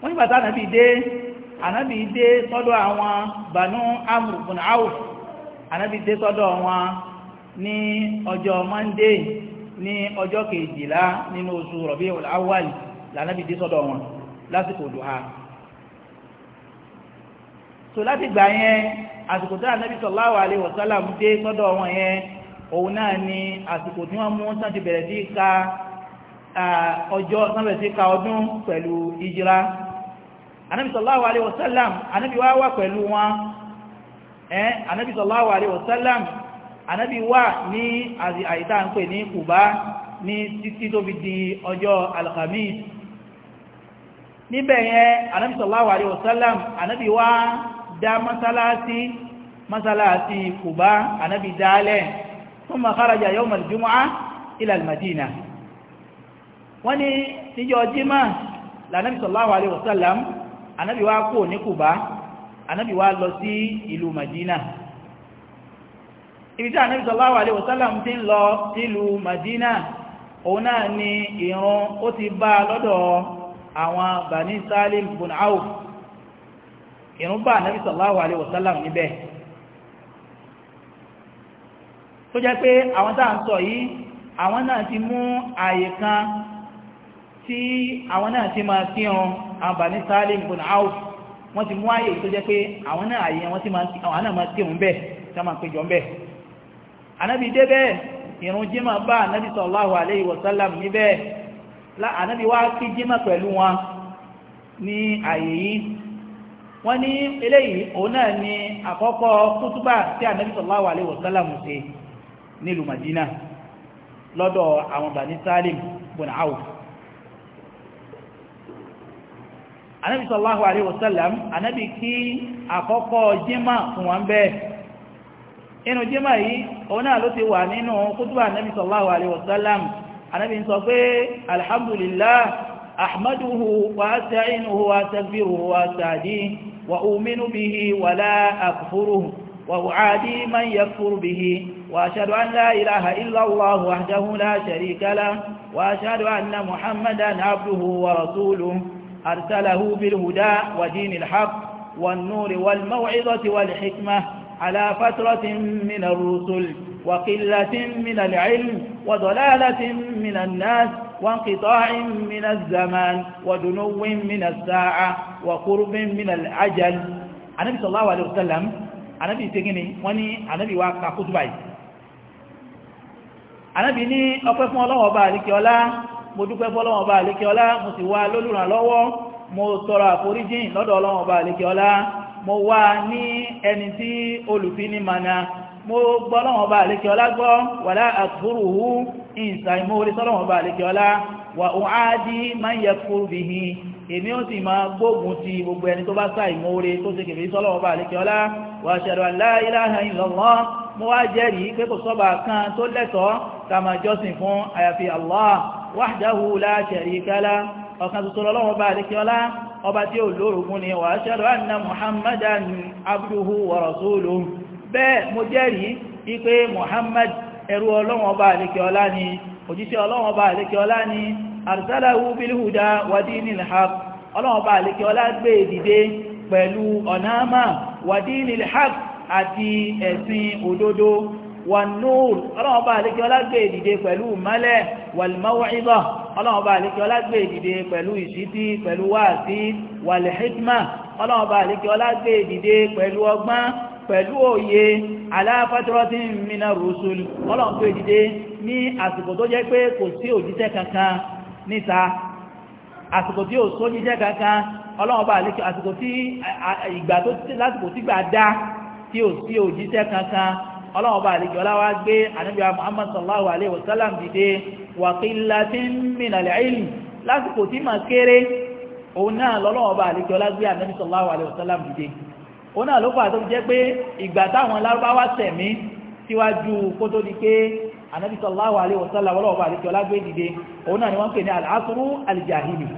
wọ́n nígbà tí ànábì dé ànábì dé sọ́dọ̀ àwọn Banu Amr ibn Auf ànábì dé sọ́dọ̀ wọn ní ọjọ́ Monday ní ọjọ́ kejìlá nínú oṣù Rabi'ul Awwal lànábì dé sọ́dọ̀ wọn lásìkò duha so láti gbà yẹn àsìkò tí ànábì sallallahu alaihi wasallam dé sọ́dọ̀ wọn yẹn òun náà ni àsìkò tí wọ́n mú sáà ti bẹ̀rẹ̀ sí ka ọjọ́ sáà bẹ̀rẹ̀ sí ka ọdún pẹ̀lú ìjìra ànábì sallallahu alaihi wasallam ànábì wá wà pẹ̀lú wọn ànábì sallallahu alaihi wasallam ànábì wà ní àìdá ń pè ní Kùbá ní títí tó fi di ọjọ́ alhamis níbẹ̀ yẹn ànábì sallallahu alaihi wasallam ànábì wá dá masalasi masalasi Kuba anabi dálẹ̀ thumma kharaja yawm al-jumu'ah ila al-Madina wọ́n ní níjọ́ jímá lànàbì sallallahu alaihi wasallam anabi wá kò ní Kuba anabi wá lọ sí ìlú Madina ibi tí anabi sallallahu alaihi wasallam ti ń lọ sílùú Madina òun náà ni ìran ó ti bá lọ́dọ̀ àwọn Bani Salim bùn Auf ìrun bá ànábì sallallahu alaihi wasallam níbẹ̀ tó jẹ́ pé àwọn tá à ń sọ yìí àwọn náà ti mú àyè kan tí àwọn náà ti máa kírun àwọn Bani Salim ibn Auf wọ́n ti mú àyè tó jẹ́ pé àwọn náà àyè wọ́n ti máa kírun bẹ́ẹ̀ tí wọ́n máa péjọ bẹ́ẹ̀ ànábì dé bẹ́ẹ̀ ìrun wọ́n ní eléyìí òun náà ni àkọ́kọ́ kútúbà tí ànábì sallallahu alaihi wasallam ṣe nílùú Madina lọ́dọ̀ àwọn Bani Salim bin Auf ànábì sallallahu alaihi wasallam ànábì kí àkọ́kọ́ jímà fún wọn bẹ́ẹ̀ inú jímà yìí òun náà ló ti wà nínú kútúbà ànábì sallallahu alaihi ànábì sọ pé alhamdulillah أحمده وأستعينه وأستغفره وأستهديه وأؤمن به ولا أكفره وأعادي من يكفر به وأشهد أن لا إله إلا الله وحده لا شريك له وأشهد أن محمدا عبده ورسوله أرسله بالهدى ودين الحق والنور والموعظة والحكمة على فترة من الرسل وقلة من العلم وضلالة من الناس وانقطاع من الزمان ودنو من الساعة وقرب من العجل النبي صلى الله عليه وسلم النبي تجني واني النبي واقع خطبه النبي ني ọpẹ́ fún Ọlọ́run ọba àríkẹ́ ọlá mo dúpẹ́ fún Ọlọ́run ọba àríkẹ́ ọlá mo sì wá lólùrànlọ́wọ́ mo tọrọ àforíjìn lọ́dọ̀ Ọlọ́run ọba àríkẹ́ ọlá mo wá ní ẹni tí olùfini mana mo gbọ́ Ọlọ́run ọba àríkẹ́ ọlá gbọ́ wàlá àtúrùhù ìsàìmọ́ orí sọ́lọ́wọ́n bá àlékẹ́ ọlá wà ó áádí máa ń yẹ fúrú bí i èmi ó sì máa gbógun ti gbogbo ẹni tó bá sàìmọ́ orí tó ṣe kèfèé sọ́lọ́wọ́n bá àlékẹ́ ọlá wà ṣẹ̀rọ aláìláha lọ́wọ́ bẹ́ẹ̀ mo jẹ́rìí wípé Muhammad ẹrú ọlọ́wọ̀n ọba àlékè ọlá ni òjíṣẹ́ ọlọ́wọ̀n ọba àlékè ọlá ni arsalahu bilhuda wadinil haq ọlọ́wọ̀n ọba àlékè ọlá gbé e dìde pẹ̀lú ọ̀nàmà wadinil haq àti ẹ̀sìn òdodo wanúr ọlọ́wọ̀n ọba àlékè ọlá gbé e dìde pẹ̀lú mẹ́lẹ̀ walmaw'iza ọlọ́wọ̀n pẹ̀lú òye aláfàtúrọ́tì mina rusul ọlọ́run tó ìdíde ní àsìkò tó jẹ́ pé kò sí òjíṣẹ́ kankan níta àsìkò tí ò sójíṣẹ́ kankan ọlọ́run bá lékè àsìkò tí ìgbà tó lásìkò tí gbà dá tí ò sí òjíṣẹ́ kankan ọlọ́run bá lékè ọláwá gbé ànábìá muhammad sallallahu alayhi wa sallam dìde wa qillatin minal lásìkò tí mà kéré òun náà lọ́lọ́run bá lékè ọlá gbé ànábìá sallallahu alayhi wa sallam dìde òun náà ló fà tó jẹ́ pé ìgbà táwọn lárúbáwá tẹ̀mí síwájú kó tó di pé anabi sallallahu alaihi wasallam ọlọ́ọ̀bà àti ọlá gbé dìde òun náà ni wọ́n pè ní al-asru al-jahili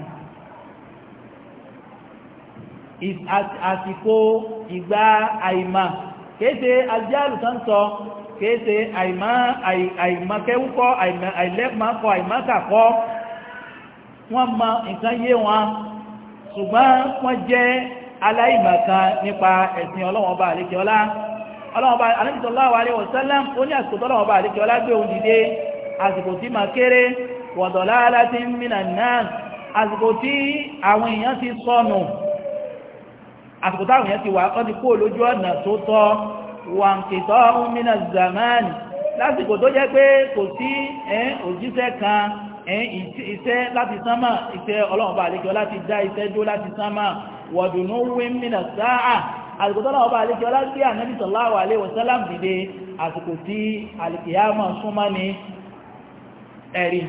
àsìkò ìgbà àìmà kéèsè aljáàlù tán àìlẹ́pàákọ́ àìmọ́kàkọ́ wọ́n mọ nǹkan yé wọn ṣùgbọ́n wọ́n jẹ́ aláìmọ̀kan nípa ẹ̀sìn ọlọ́wọ́n bá àlékè ọlá ọlọ́wọ́n bá Ànábì sallallahu alaihi wasallam ó ní àsìkò tọ́lọ́wọ́n bá àlékè ọlá gbé òun dìde àsìkò tí máa kéré wa dalalatin minan nas àsìkò tí àwọn èèyàn ti sọnù àsìkò táwọn èèyàn ti wà ọ́ ti kó lójú ọ̀nà tó tọ́ wà ń kìtọ́ minaz zaman lásìkò tó jẹ́ pé kò sí láti sánmà iṣẹ́ ọlọ́run bá àlékè dá iṣẹ́ dó láti sánmà wọ̀dùnú wí mìnà sáà àlùkòtọ́lá ọba àlejò alágbé ànábì sallallahu alaihi wasallam dìde àsìkò tí alìkìyàmọ̀ súnmọ́ ni ẹ̀rí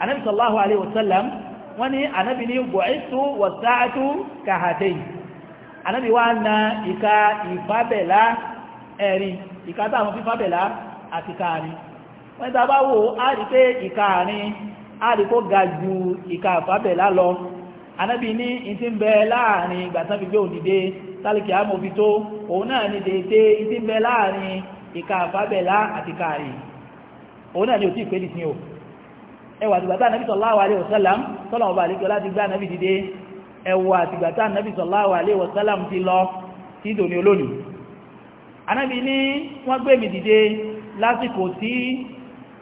ànábì sallallahu alaihi wasallam wọ́n ní ànábì ní bu'ithu was-sa'atu kahatayn anábì ní ìtí ń bẹ láàrin ìgbà tán fi gbé òdìdé sálìkì àmófi tó òun náà ní dèédé ìtí ń bẹ láàrin ìka àfábẹ̀lá àti kààrí òun náà ni ò tí ìpé nìsín o ẹwà àtìgbà tá anábì sallallahu alaihi wasallam tọ́lọ̀ ọba àlejò láti gbé anábì dìde ẹwà àtìgbà tá alaihi wasallam ti lọ sí ìdòní olónìí anábì ní wọ́n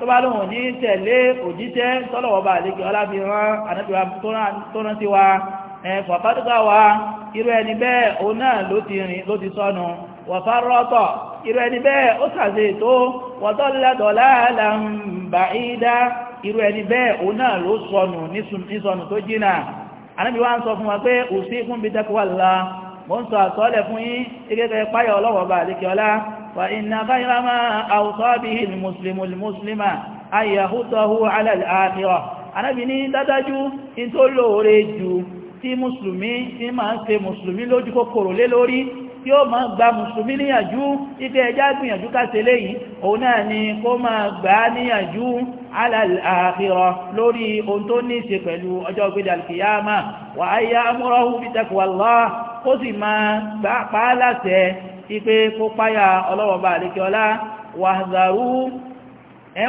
tó bá lóhùn ní tẹ̀lé òjíṣẹ́ tọ́lọ̀wọ́ bá àlejò ọlábi rán ànábìwá tó rán sí wa fọ̀fádùgá wa irú ẹni bẹ́ẹ̀ òun náà ló ti rìn ló ti sọnù wọ̀fárọ́tọ̀ irú ẹni bẹ́ẹ̀ ó sàṣe ètò wọ̀tọ́lẹ́dọ̀lá làǹbà ìdá irú ẹni bẹ́ẹ̀ òun náà ló sọnù nísọnù tó jìnà ànábìwá ń sọ fún فإن خير ما أوصى به المسلم المسلم أن يحثه على الآخرة Ànábì ní dádájú in tó lóore jù tí mùsùlùmí tí máa ń ṣe mùsùlùmí lójú kòkòrò lé lórí tí ó máa gba mùsùlùmí níyànjú ìfẹ́ ẹjá gbìyànjú káṣe léyìí òun náà ni kó máa gbà níyànjú على الآخرة لوري أنتوني سيكلو أجاو بدا القيامة وأن يأمره بتقوى الله قسما فعلا سيه ipe kó páyà ọlọ́wọ̀ba àríkíọlá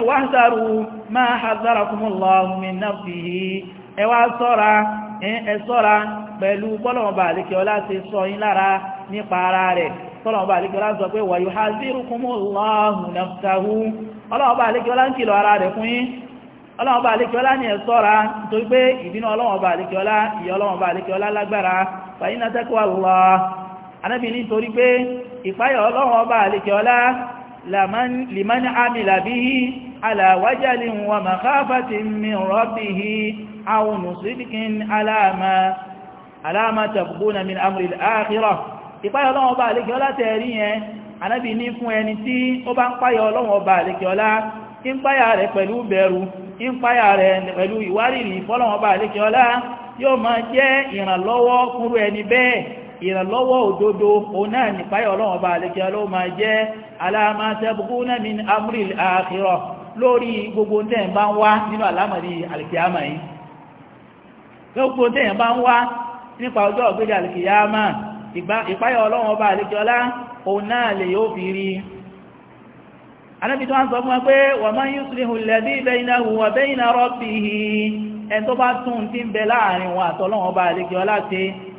wàhàzàrú máa hazarakumullahu min nafsihi na wá ṣọ́ra ẹ ṣọ́ra pẹ̀lú bọ́lọ̀wọ̀ba ti sọ yín lára nípa ara rẹ̀ tọ́lọ̀wọ̀ba àríkíọlá sọ pé wàyí hazirakumullahu nafsahu fún yín ọlọ́wọ̀ba anábì nítorí pé ìpáyà ọlọ́run ọba àlèkè ọlá liman amila bihi ala wajalin wa makhafatin min rabbihi awonu sidikin alama alama tabguna min amril akhirah ìpáyà ọlọ́run ọba àlèkè ọlá tẹ̀rí yẹn anábì ní fún ẹni tí ó bá ń páyà ọlọ́run ọba àlèkè ọlá ń páyà rẹ̀ pẹ̀lú bẹ̀rù ń páyà rẹ̀ pẹ̀lú ìwárìrì fọ́lọ́run ọba àlèkè ọlá yóò máa jẹ́ ìrànlọ́wọ́ ìrànlọ́wọ́ òdodo òun náà nípáyà ọlọ́run ọba àlekẹ́ ọlọ́run máa jẹ́ aláàmásẹ́bùkúnà min lórí gbogbo tẹ́yìn bá ń wá nínú àlámọ̀rí àlìkìyàmà yìí gbogbo bá ń wá nípa ọjọ́ ọ̀gbẹ́dẹ ọlá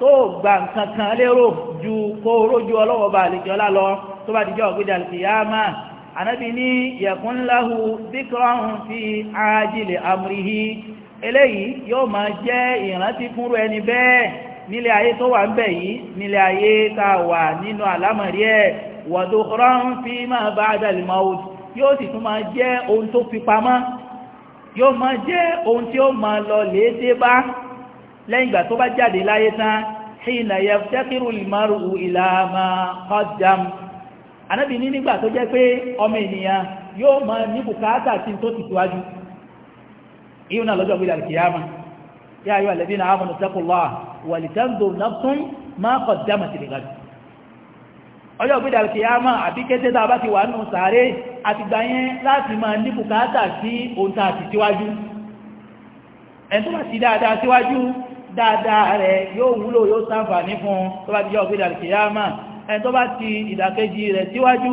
tó gba nǹkan kan lérò ju kó rójú ọlọ́wọ́ bá àlejò ọlá lọ tó bá dijọ́ ọ̀gbẹ́dà kìyàmá ànábì ní yakun lahu dhikran fi ajili amrihi eléyìí yóò máa jẹ́ ìrántí fúnrú ẹni bẹ́ẹ̀ nílé ayé tó wà ń bẹ̀ yìí nílé ayé tá a wà nínú àlámọ̀rí ẹ̀ wa dukhran fi ma ba'da al-maut yóò sì tún máa jẹ́ ohun tó fi pamọ́ yóò máa jẹ́ ohun tí ó máa lọ léde bá lẹ́yìn ìgbà tó bá jáde láyé tán hina yaftakiru al-mar'u ila ma qaddam anábì ní nígbà tó jẹ́ pé ọmọ ènìyàn yóò máa ní bùkátà tí tó ti tíwájú ìhùn náà lọ́jọ́ gbígbà kìyàmà ya ayyuha alladhina amanu ittaqullaha wa litanzur nafsun ma qaddamat lighad ọjọ́ gbígbà kìyàmà àbí kété tá a bá ti wà nù sàárè àtìgbà yẹn láti máa ní bùkátà sí ohun ti tíwájú ẹni tó bá ti dáadáa síwájú dáadáa rẹ̀ yóò wúlò yóò ṣàǹfààní fún tó bá ti jẹ́ ọ̀gbẹ́dà kìyàmà ẹni tó bá ti ìdàkejì rẹ̀ síwájú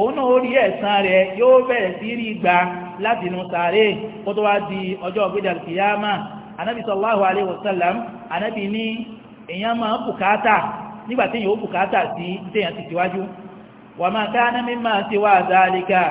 òun náà ó rí ẹ̀san rẹ̀ yóò bẹ̀rẹ̀ sí rí gbà láti inú sàárè kó tó wá di ọjọ́ ọ̀gbẹ́dà kìyàmà anábì sallallahu alaihi wasallam anábì ní èèyàn máa bùkátà nígbà tí èèyàn ó bùkátà sí téèyàn ti síwájú wà máa ká ánámi máa ti wá àzáríkà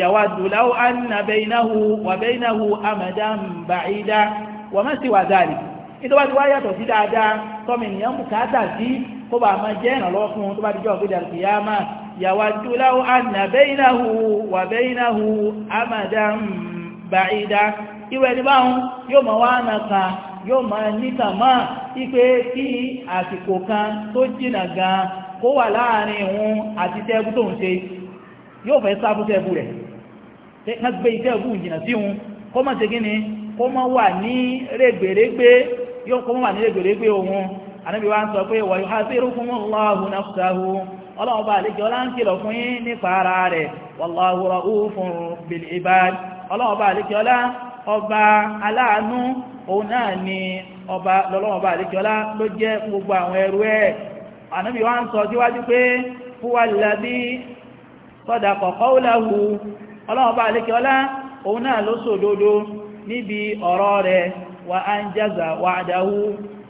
yàwádùú láwọ́ wọ́n má sì wà dáàrí nítorí wọ́n ti wá yàtọ̀ sí dáadáa tọ́mọ ènìyàn bùkátà sí kó bá máa jẹ́ ìrànlọ́wọ́ fún un tó bá dijọ́ ọ̀gbẹ́dà kìyàmá yàwájú láwọ́ àná bẹ́yìnáhù wà bẹ́yìnáhù amadan ba'ida irú ẹni báhùn yóò mọ̀ wá náà kan yóò máa níta máa ipe kí àsìkò kan tó jìnà gan kó wà láàrin òun àti tẹ́gù tó ń ṣe yóò fẹ́ sábú tẹ́gù rẹ̀ gbé ìtẹ́gù ìjìnà sí òun kó mọ̀ ni kó mọ́ wà ní rẹ̀gbẹ̀rẹ̀gbẹ̀ yóò kó mọ́ wà ní rẹ̀gbẹ̀rẹ̀gbẹ̀ òun anábì wa ń sọ pé wa yuhadhirukumullahu nafsahu ọlọ́ọ̀bá àlejò ọlá ń kìlọ̀ fún yín nípa ara rẹ̀ wallahu ra'ufun bil ibad ọlọ́ọ̀bá àlejò ọlá ọba aláàánú òun náà ni ọba lọ́lọ́ọ̀bá àlejò ọlá ló jẹ́ gbogbo àwọn ẹrú ẹ̀ anábì wa ń sọ síwájú pé huwa ọlọ́ọ̀bá àlejò ọlá òun náà ló sòdodo níbi ọ̀rọ̀ rẹ̀ wa anjaza wa'dahu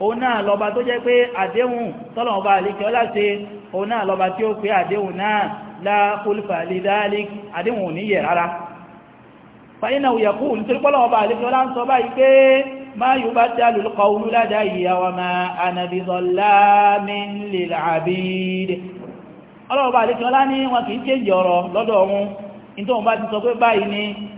òun náà lọba tó jẹ́ pé àdéhùn tọ́lọ̀wọ́n bá àlékẹ́ ọlá ṣe òun náà lọba tí ó pé àdéhùn náà la khulfa li dhalik àdéhùn ò ní yẹ̀ rárá fa innahu yaqul nítorí pọ́lọ̀wọ́n bá ọlá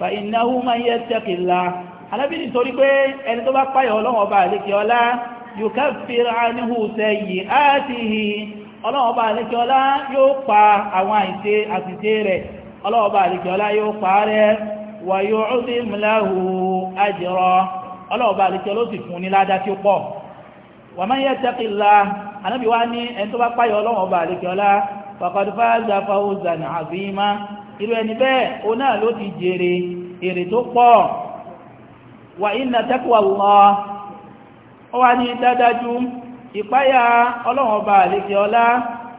fa innahu man yattaqillah alábìnrin torí pé ẹni tó bá páyọ̀ ọlọ́wọ́ ọba àlékè ọlá yukaffir anhu sayyi'atihi ọlọ́wọ́ ọba àlékè ọlá yóò pa àwọn àìṣe àṣìṣe rẹ̀ ọlọ́wọ́ ọba àlékè ọlá yóò pa rẹ̀ wa yu'zim lahu ajra ọlọ́wọ́ ọba àlékè ọlá fún ní ládá tí ó pọ̀ wa man yattaqillah anábì wá ní ẹni tó bá páyọ̀ ọlọ́wọ́ ọba àlékè ọlá faqad faza irú ẹni bẹ́ẹ̀ o náà ló ti jèrè èrè tó pọ̀ wà inna taqwa Allah ó wá ní dádájú ìpáyà ọlọ́run ọba àlejò ọlá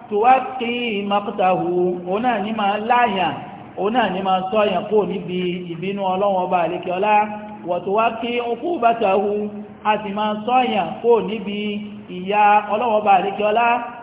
tó wá kí maqtahu o náà ní máa láàyàn o náà ní máa sọ́yàn kó níbi ìbínú ọlọ́run ọba àlejò ọlá wa tuwaqi uqubatahu a sì máa sọ́yàn kó níbi ìyà ọlọ́run ọba àlejò ọlá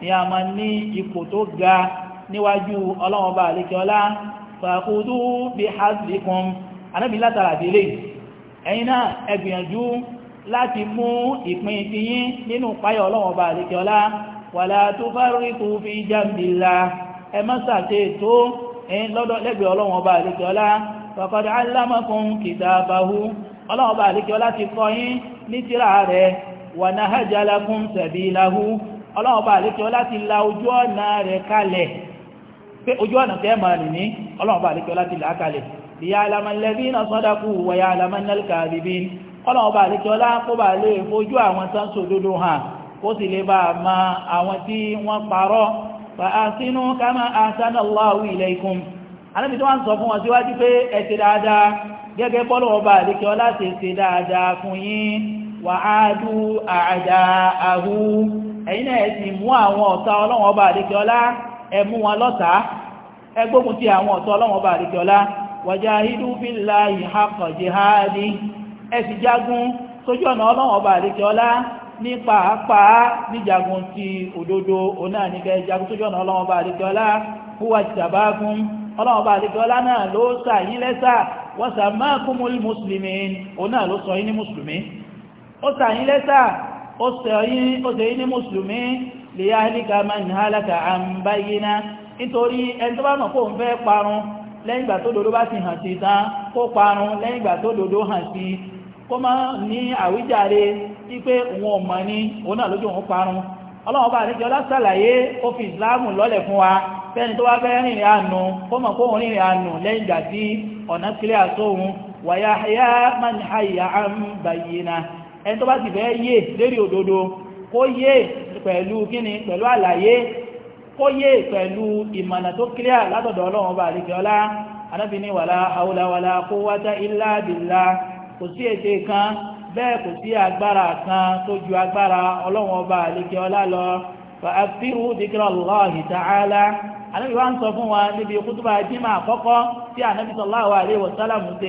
ni a máa ní ipò tó ga níwájú ọlọ́wọ́n bá àlékiọlá fàkúdú bí hasbikun anábì látara délé ẹ̀yin náà ẹ gbìyànjú láti mú ìpín ti yín nínú páyọ̀ ọlọ́wọ́n bá àlékiọlá wàlá tufarriqu fi jambillah ẹ má ṣàṣe tó ẹ̀yin lọ́dọ̀ lẹ́gbẹ̀ẹ́ ọlọ́wọ́n bá àlékiọlá faqad allamakum kitabahu ọlọ́wọ́n bá ọlọ́run bá àlékè ọlá ti la ojú ọ̀nà rẹ̀ kalẹ̀ pé ojú ọ̀nà tẹ́ máa rìn ní ọlọ́run bá àlékè ọlá ti là kalẹ̀ ìyá alamanlẹ́bí náà sọ́dákù wọ̀yá alamanlẹ́kà àbíbí ọlọ́run bá àlékè ọlá kó bá lè fojú àwọn tán sòdodo hàn kó sì lè bá ma àwọn tí wọ́n parọ́ fa àsínú kama àsánà Allahu ilaykum anábi ẹ̀yin náà ẹ sì mú àwọn ọ̀tá ọlọ́wọ́n ọba àdékẹ́ ọlá ẹ mú wọn lọ́tà ẹ gbógun ti àwọn ọ̀tá ọlọ́wọ́n ọba àdékẹ́ ọlá wajahidu billahi haqqa jihadi jagun sójú ọ̀nà ọlọ́wọ́n ọba àdékẹ́ ọlá ní pàápàá níjagun ti òdodo òun náà nígbẹ́ jagun sójú ọ̀nà ọlọ́wọ́n ọba àdékẹ́ ọlá huwa ìtàbágún ọlọ́wọ́n ọba àdékẹ́ ọlá náà ló sà yín lẹ́sà wọ́n ó ṣe ní mùsùlùmí lè yá hálíkà máa ní hálàkà àmbáyíná nítorí ẹni tó bá mọ̀ kó ń fẹ́ parun lẹ́yìn ìgbà tó dodo bá ti hàn sí tán kó parun lẹ́yìn ìgbà tó dodo hàn sí kó má ní àwíjàre wípé òun ò mọ̀ ní òun náà lójú òun parun ọlọ́run bá àríjọ lásàlàyé ó fi ìsìláàmù lọ́lẹ̀ ọ̀nà ẹni tó bá sì fẹ́ yé lérí òdodo kó yé pẹ̀lú kíni pẹ̀lú àlàyé kó yé pẹ̀lú ìmọ̀nà tó clear látọ̀dọ̀ ọlọ́run ọba àríkẹ́ọlá anábìíní wàlá haula wàlá quwwata illa billah kò sí ète kan bẹ́ẹ̀ kò sí agbára kan tó ju agbára ọlọ́run ọba àríkẹ́ọlá lọ fa akthiru dhikrallahi ta'ala ànábì wa ń sọ fún wa níbi kútùbà jímà àkọ́kọ́ tí ànábì sallallahu alaihi wasallam ṣe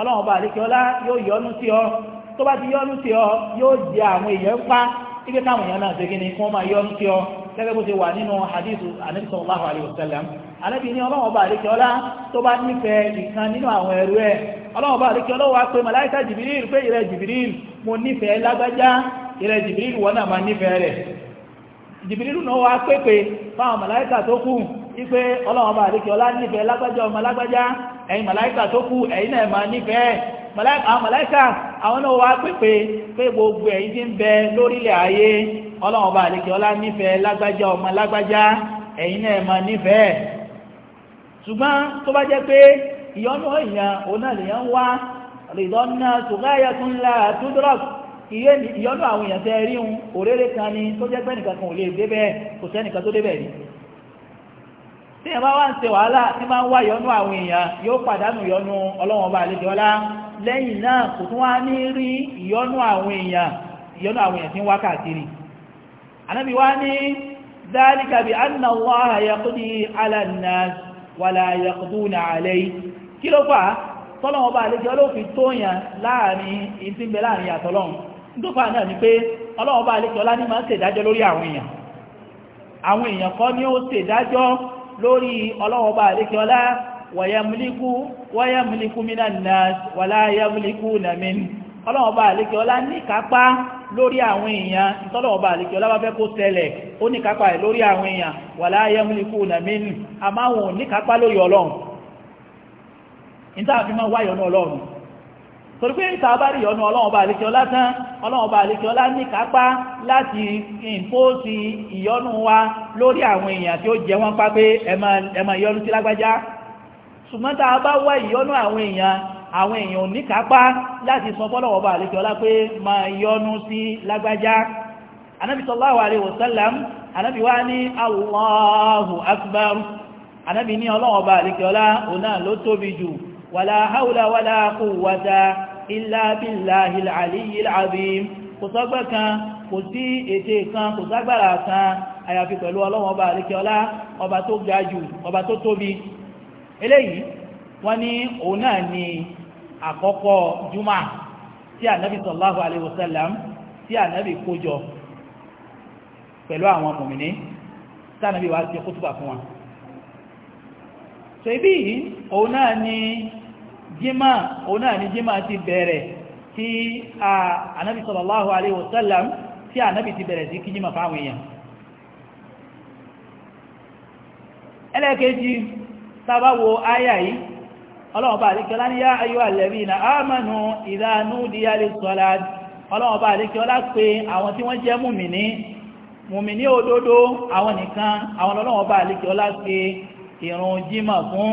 ọlọ́run ọba àdékẹ́ọ́lá yóò yọ́nú sí ọ tó bá ti yọ́nú sí ọ yóò jẹ àwọn èèyàn ń pa ike káwọn èèyàn náà ṣégin ni kí wọ́n máa yọ́nú sí ọ gẹ́gẹ́ bó ṣe wà nínú hadithu anabi sallallahu alayhi wa sallam anabi ní ọlọ́run ọba àdékẹ́ọ́lá tó bá nífẹ̀ẹ́ ìkan nínú àwọn ẹrú ẹ̀ ọlọ́run ọba àdékẹ́ọ́lá wá pé màláìka jìbìrìl pé ìrẹ́ jìbìrìl mo nífẹ̀ẹ́ lágbájá ìrẹ́ jìbìrìl wọ́n náà máa nífẹ̀ẹ́ rẹ̀ jìbìrìl náà wá pépè fáwọn màláìka tó kù wípé ọlọ́run ọba àríkẹ́ ọlá nífẹ̀ẹ́ lágbájá ọmọ lágbájá ẹ̀yin màláìkà tó kù ẹ̀yin náà máa nífẹ̀ẹ́ àwọn màláìkà àwọn náà wá pèpè pé gbogbo ẹ̀yin tí ń bẹ lórílẹ̀ ayé ọlọ́run ọba àríkẹ́ ọlá nífẹ̀ẹ́ lágbájá ọmọ lágbájá ẹ̀yin náà máa nífẹ̀ẹ́ ṣùgbọ́n tó bá jẹ́ pé ìyọ́nú èèyàn òun náà lèèyàn wá rìdọ́nà tùgáyà tún la tudrak ìyọ́nú àwọn èèyàn tẹ́ rí òun tí ẹ bá wá ń ṣe wàhálà tí máa ń wá yọnú àwọn èèyàn yóò pàdánù yọnú ọlọ́wọ́n bá àlejò ọlá lẹ́yìn náà kò tún wá ní rí ìyọnú àwọn èèyàn tí wá káàkiri wá ní ala na kí ló fà tọ́lọ́wọ́n bá àlejò tóyàn láàrin láàrin tó fà náà ni pé ọlọ́wọ́n bá àlejò ọlá ní máa ń ṣèdájọ́ lórí ọlọ́wọ́ bá àdékẹ́ ọlá wàyàmúlíkú wàyàmúlíkú mínà nàás wàláyàmúlíkú nàmín ọlọ́wọ́ bá àdékẹ́ ọlá ní kápá lórí àwọn èèyàn ìtọ́lọ̀wọ́ bá àdékẹ́ ọlá bá fẹ́ kó tẹ́lẹ̀ ó ní kápá ẹ̀ lórí àwọn èèyàn wàláyàmúlíkú nàmín àmáwọn ní kápá lórí ọlọ́run torí pé ìta bá rí ọ̀nà ọlọ́ọ̀bá àlékẹ́ ọlá tán ọlọ́ọ̀bá àlékẹ́ ọlá ní kápá láti ìmpóòsì ìyọ́nú wa lórí àwọn èèyàn tí ó jẹ wọ́n pá pé ẹmọ ìyọ́nú sí lágbájá ṣùgbọ́n tá a bá wá ìyọ́nú àwọn èèyàn àwọn èèyàn ò ní kápá láti sọ fọ́lọ́ọ̀bá àlékẹ́ ọlá pé ma ìyọ́nú sí lágbájá anábì sallallahu alaihi wasallam anábì wá ní Allahu akbar anábì ní ọlọ́ọ̀bá àlékẹ́ ọlá òun náà ló tóbi jù wàlá haúlá wàlá quwwata illa billahi al-aliyyil azim kò sọ́gbẹ́ kan kò sí ète kan kò ságbára kan àyàfi pẹ̀lú ọlọ́wọ́n ọba àríkẹ́ọlá ọba tó ga jù ọba tó tóbi eléyìí wọ́n ní òun náà ni àkọ́kọ́ juma tí ànábì sallallahu alaihi wasallam tí ànábì kójọ pẹ̀lú àwọn mùmìnì tí ànábì wá sí kútùbà fún wọn so ibi òun náà ni jímá òun náà ni jímá ti bẹ̀rẹ̀ tí anábì sallallahu alaihi wasallam tí anábì ti bẹ̀rẹ̀ sí kí jímá fáwọn èèyàn ẹlẹ́kẹ́jì tàbáwo áyà yìí ọlọ́wọ́n bá àríkẹ́ láníyá ayọ́ àlẹ́rí na ámànù ìdánú díyàrí sọ́lá ọlọ́wọ́n bá àríkẹ́ ọlá fún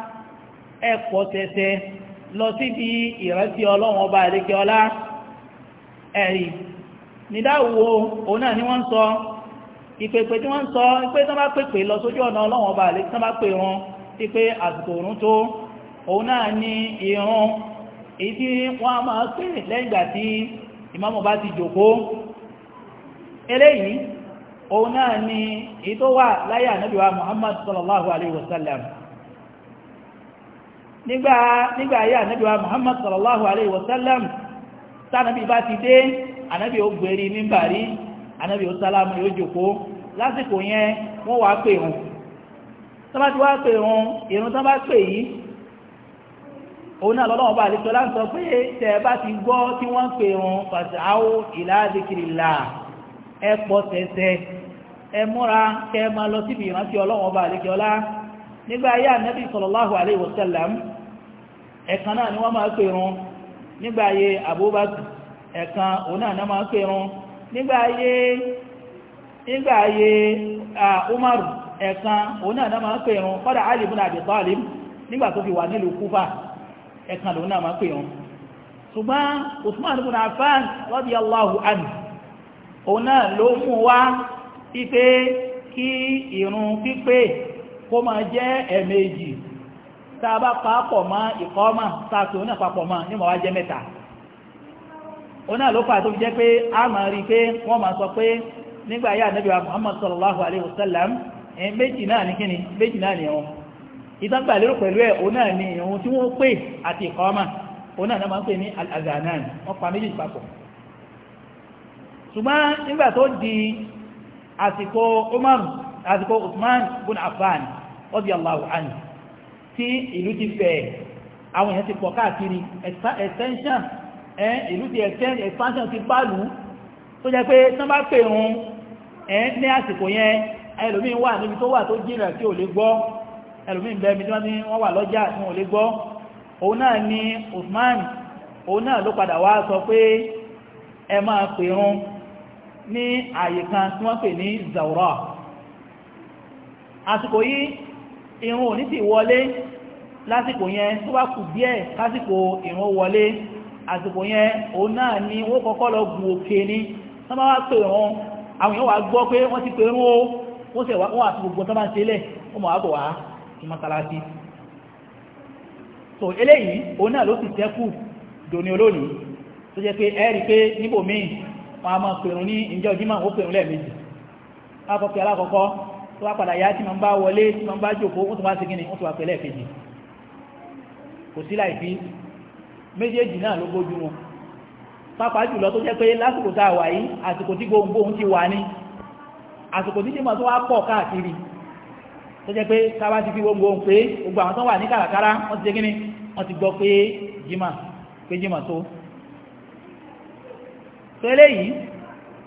ẹ̀pọ̀ tẹ̀tẹ̀ lọ síbi ìrántí ọlọ́run ọba àríkẹ́ ọlá ẹ̀rì nídáwò òun náà ni wọ́n ń sọ ìpèpè tí wọ́n ń sọ pé tán bá pèpè lọ sójú ọ̀nà ọlọ́run ọba àríkẹ́ tán bá pè wọn sí àsìkò òun tó òun náà ni ìrun èyí tí wọ́n á máa pè lẹ́yìn ìgbà tí ìmáàmù bá ti jòkó eléyìí òun náà ni èyí tó wà láyé ànábì wa Muhammad sallallahu alayhi wa sallam nígbà nígbà ayé ànábì wa muhammad sallallahu alayhi wa sallam tánàbí bá ti dé ànábì ó gbèrí mímbàrí ànábì ó sálámù yóò jòkó lásìkò yẹn wọ́n wá pè hùn tọ́bá ti wá pè hùn ìrun tọ́bá pè yìí òun náà lọ́lọ́wọ́ bá àlejò láǹsọ pé tẹ̀ bá ti gbọ́ tí wọ́n ń pè hùn fàṣàáwò ìlà àdìkìrìlà ẹ pọ̀ tẹ̀tẹ̀ ẹ múra kẹ́ máa lọ síbi ìrántí ọlọ́wọ́ bá àlejò láǹsọ nígbà ayé ànábì sallallahu alayhi wa sallam ẹ̀kan náà ni wọ́n máa pè rún nígbà ayé Abubakar ẹ̀kan òun náà ni wọ́n máa pè rún nígbà ayé nígbà ayé Umaru ẹ̀kan òun náà ni wọ́n máa pè rún kọ́dà Ali ibn Abi Talib nígbà tó fi wà nílùú Kúfà ẹ̀kan lòun náà máa pè rún ṣùgbọ́n Usman ibn Affan radiyallahu anhu òun náà ló mú wá ipe kí ìrun pípé kó jẹ jẹ́ ẹ̀ẹ̀mejì tá a bá papọ̀ mọ́ ìkọ́mà tá a tòun náà mọ́ ní màá jẹ́ mẹ́ta náà ló fà tó fi a máa rí i pé wọ́n máa sọ pé nígbà wa Muhammad sallallahu alayhi wa sallam méjì náà ní kíni méjì náà ní ẹ̀wọ̀n ìtàgbà lérò pẹ̀lú ẹ̀ òun náà ní ìrun tí wọ́n pè àti náà máa ń pè ní wọ́n di àsìkò Umar àsìkò Usman bin radiyallahu anhu tí ìlú ti fẹ̀ àwọn èèyàn ti pọ̀ káàkiri extension eh, ìlú ti expansion ti bálù tó jẹ́ pé tán bá pè rún eh, ní àsìkò yẹn ẹlòmíín wà níbi tó wà tó jìnà tí ò lè gbọ́ ẹlòmíín bẹ́ẹ̀ mi tí wọ́n wà lọ́jà tí ò lè gbọ́ òun náà ni Usman òun náà ló padà wá sọ pé ẹ máa pè rún ní àyè kan tí wọ́n pè ní Zawra àsìkò yìí irun ò ní sì wọlé lásìkò yẹn tó bá kù díẹ̀ lásìkò irun wọlé àsìkò yẹn òun náà ni wọ́n kọ́kọ́ lọ gùn òkè ni tó bá wá pè wọn àwọn èèyàn wà gbọ́ pé wọ́n ti pè irun o wọ́n sì wọ́n àti gbogbo tó bá ń ṣe lẹ̀ ó mọ̀ àbọ̀ wá ní mọ́sálásí so eléyìí òun náà ló sì tẹ́kù dòní olónìí tó jẹ́ pé ẹ́rí pé níbòmíì wọn a máa pèrún ní ìjọ jímọ̀ tó wá padà yá tí ma ń bá wọlé tí ma ń bá jòkó ó tó wá sí kíni ó tó wá pẹ̀lẹ́ kejì kò sí láì fi méjèèjì náà ló bójú wọn pàápàá jùlọ tó jẹ́ pé lásìkò tá a wà yìí àsìkò tí gbohùngbohùn ti wà ní àsìkò tí jìmọ̀ tó wá pọ̀ káàkiri tó jẹ́ pé táwa ti fi gbohùngbohùn pé gbogbo àwọn tó wà ní kàràkàrà wọ́n ti ṣe wọ́n ti gbọ́ pé jìmọ̀ pé jìmọ̀ tó. tó eléyìí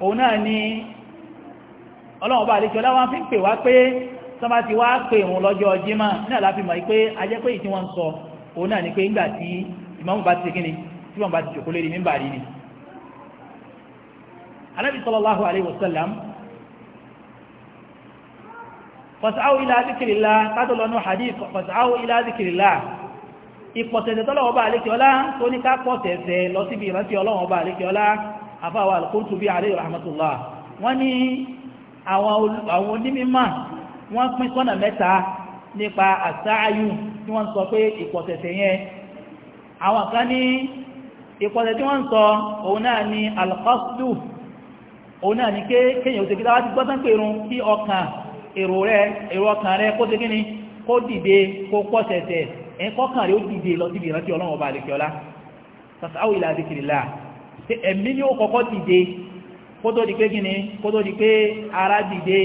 òun náà ni ọlọ́run bá àlejò láwọn fi ń pè wá pé tó bá ti wá pè òun lọ́jọ́ jímọ̀ náà láfi mọ̀ pé ajẹ́ pé ìtí wọ́n ń sọ òun náà ni pé ńgbà tí ìmáàmù bá ti ṣe kíni tí wọ́n bá ti jòkó lórí mímbà rí ni. anábì sallallahu alaihi wasallam fasáwò ilá zikirìlá kátó lọ́nà hadith fasáwò ilá zikirìlá ìpọ̀tẹ̀tẹ̀ tọ́lọ́wọ́ bá àlékè tó ní ká pọ̀tẹ̀tẹ̀ lọ síbi ìrántí ọlọ́wọ́ bá àlékè àfáwà al-Qurtubi alayhi rahmatullah wọ́n ní àwọn onímọ̀ wọ́n pín sọ́nà mẹ́ta nípa àṣááyù tí wọ́n sọ pé ìpọ̀tẹ̀tẹ̀ yẹn àwọn kan ní ìpọ̀tẹ̀ tí wọ́n sọ òun náà ni alkọ́sùdù òun náà ni kéèyàn ò tẹ́kítà wá ti gbọ́tán pèrún kí ọkàn èrò rẹ èrò ọkàn rẹ kó tẹ́ kíni kó dìde kó pọ̀tẹ̀tẹ̀ ẹ̀kọ́kàn rẹ ó dìde lọ síbi ìrántí ọlọ́run ọba àlekíọlá tàtàwì ìlà àdìkìrìlà ẹ̀mí ni ó kọ́kọ́ dìde kótó di pé gíní kótó di pé ara dìde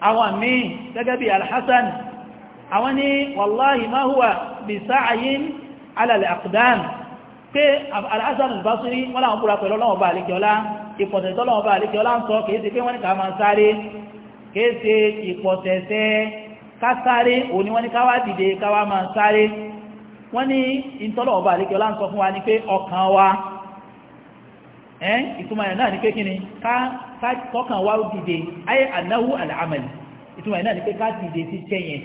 àwọn míì gẹ́gẹ́ bí alhassan àwọn ní wàláhì máa hùwà bí sáàyín alàlẹ̀ àkùdán pé alhassan al-basri wọ́n láwọn búra pẹ̀lú ọlọ́wọ́ bá alìkẹ́ọlá ìpọ̀tẹ̀tọ́ lọ́wọ́ bá alìkẹ́ọlá ń sọ kìí ṣe pé wọ́n ní ká máa sáré kìí ṣe ìpọ̀tẹ̀tẹ́ ká òní wọ́n ní ká wá dìde ká wá máa sáré wọ́n ní ìtọ́lọ́wọ́ bá alìkẹ́ọlá ń sọ fún wa ní pé ọkàn wa ẹ́n eh, ìtumọ̀ náà ni pé kí ni ká kọ́kàn wá dìde ayé ànáwó àlàámàlì ìtumọ̀ náà ni pé ká dìde sí tẹ́yẹn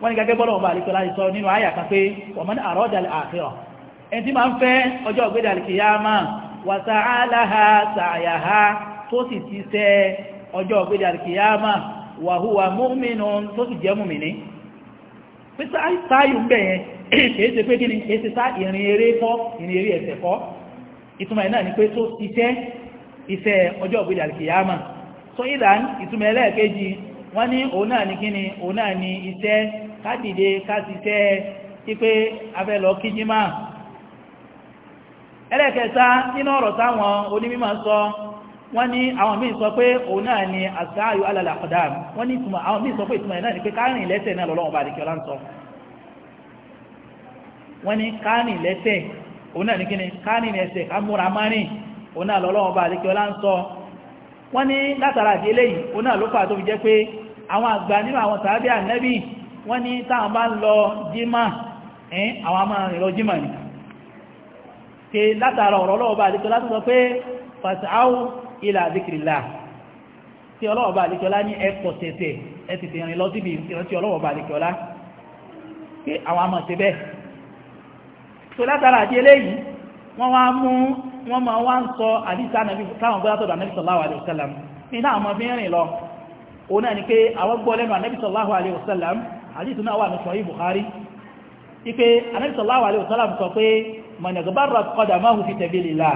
wọ́n ni gẹ́gẹ́ bọ́lọ̀ ọba àlekọ́lá sọ nínú kan pé wọ́n mọ́ni àrọ́dà àfihàn ẹni tí máa ń fẹ́ ọjọ́ ògbédà kìyàmá wàtà aláha sàyàha tó sì ti sẹ́ ọjọ́ ògbédà kìyàmá wàhúwà múmínú tó sì jẹ́ múmìnì pé sáyù ń kìí ṣe pé kí ni kìí ṣe sá ìrìn eré fọ́ ìrìn eré ẹ̀sẹ̀ fọ́ ìtumọ̀ ẹ̀ náà ni pé tó iṣẹ́ iṣẹ́ ọjọ́ ògbèdè àlìkìyàmà so ìdán ìtumọ̀ ẹlẹ́ẹ̀kejì wọ́n ní òun náà ni kíni òun náà ni iṣẹ́ kádìde kásìṣẹ́ pípé afẹ́lọ kíjímà ẹlẹ́ẹ̀kẹta nínú ọ̀rọ̀ táwọn onímọ̀ sọ wọ́n ní àwọn míì sọ pé òun náà ni àṣáàyò alàlàkọ̀dá wọ́n ní àwọn míì sọ pé ìtumọ̀ ni pé kárìn lẹ́sẹ̀ náà lọ́lọ́wọ́ bá àdìkẹ́ ọlá ń sọ wọ́n ní òun náà ní kíni káàní ní ẹsẹ̀ ká múra mání òun náà lọ́lọ́wọ́ bá àlékí ọlá ń sọ wọ́n ní látara àdí eléyìí òun náà ló fà tó fi jẹ́ pé àwọn àgbà nínú àwọn tàbí ànẹ́bì wọ́n ní táwọn bá ń lọ jímà ẹ́n àwọn a máa rìn lọ jímà ní ké látara ọ̀rọ̀ ọlọ́wọ́ bá àlékí ọlá sọ pé fàṣáwù ilà àdíkìrìlà tí ọlọ́wọ́ bá àlékí ọlá ní ẹ̀pọ̀ tẹ̀tẹ̀ ẹ tó látara àti eléyìí wọ́n wá mú wọ́n máa wá ń sọ àdísá nàbí táwọn gbọ́dá tọ̀dọ̀ ànábì sallallahu alaihi wasallam iná àwọn fi ń rìn lọ òun alaihi wasallam àdísù náà wà ní Bukhari ipe ànábì sallallahu alaihi wasallam sọ pé man ghabarat qadamahu fi sabilillah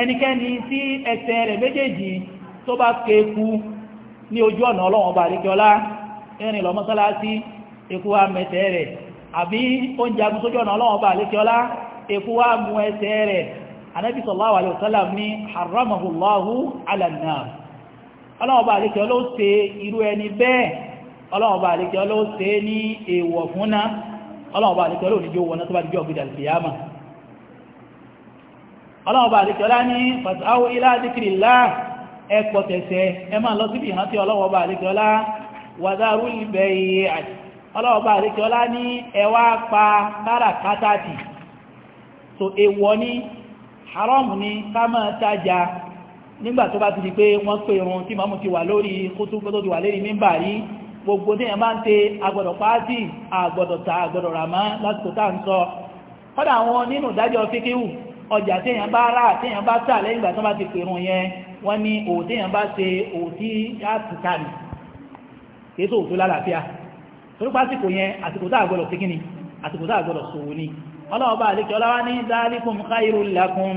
ẹnikẹ́ni tí ẹsẹ̀ rẹ̀ méjèèjì tó bá kéku ní ojú ọ̀nà ọlọ́wọ́n bá àríkẹ́ ọlá ìrìn lọ mọ́sálásí ikú wa àbí oúnjẹ agúnsójú ọ̀nà ọlọ́wọ́n bá lékẹ́ ọlá èkú wá mú ẹsẹ̀ rẹ̀ anábì sallallahu alaihi wasallam ní haramahu Allahu ala an-nar ọlọ́wọ́n bá lékẹ́ ọlọ́ ṣe irú ẹni bẹ́ẹ̀ ọlọ́wọ́n bá lékẹ́ ọlọ́ ṣe ní èèwọ̀ fúnná ọlọ́wọ́n bá lékẹ́ ọlọ́ oníjó wọn tó bá dijọ́ gbìdà kìyàmà ọlọ́wọ́n bá ẹ máa lọ síbi ìrántí ọlọ́wọ́n bá lékẹ́ ọlá wa dharul bay'a àti ọlọ́ọ̀bá àríkẹ́ọlá ní ẹwà pa káràkátà tì so èwọ̀ ní haram ní ká máa tajà nígbà tó bá ti di pé wọ́n pè irun tí mọ́mù ti wà lórí kútúkú tó ti wà lérí mímbà rí gbogbo tí èèyàn bá ń ṣe agbọ̀dọ̀ pàátì agbọ̀dọ̀ ta agbọ̀dọ̀ ràmá lásìkò tá à lálàáfíà torípa àsìkò yẹn àsìkò tá àgbọ̀lọ̀ sí kíni àsìkò tá àgbọ̀lọ̀ sòwò ni ọlọ́ọ̀bá àlékẹ́ ọlọ́wà ní dáríkùn khairul lakum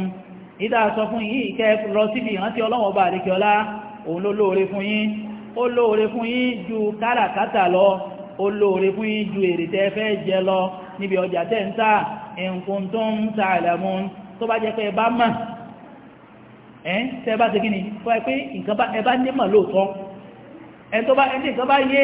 ìdá sọ fún yìí kẹ́ lọ síbi ìrántí bá ṣe kíni fún ẹ pé ẹ bá nímọ̀ lóòótọ́ ẹ tó bá ẹ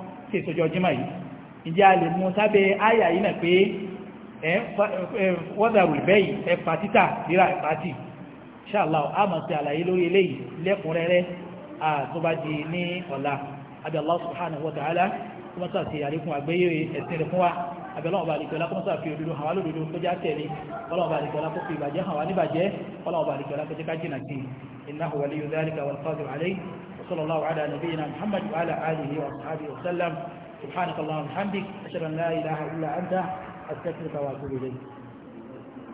tí èso jọ jímọ̀ yìí ìjẹ́ a lè mú sábẹ́ àyà yìí náà pé ẹ wọ́dà rù bẹ́ẹ̀ ẹ pa rírà ẹ pa tì inshallah a máa ṣe àlàyé lórí eléyìí lẹ́kùnrẹ́rẹ́ àtúbàdì ní ọ̀la àbí Allah subhanahu wa ta'ala kó mọ́ sáà ti àríkún àgbéyé ẹ̀sìn rẹ̀ fún wa àbí ọlọ́run bá àdìgbẹ́lá kó mọ́ sáà fi òdodo hàn wá lódodo tó já tẹ̀lé ọlọ́run bá àdìgbẹ́lá kó fi ìbàjẹ́ hàn wá níbàjẹ́ ọlọ́run وصلى الله على نبينا محمد وعلى آله وأصحابه وسلم سبحانك اللهم وبحمدك أشهد أن لا إله إلا أنت أستغفرك وأتوب إليك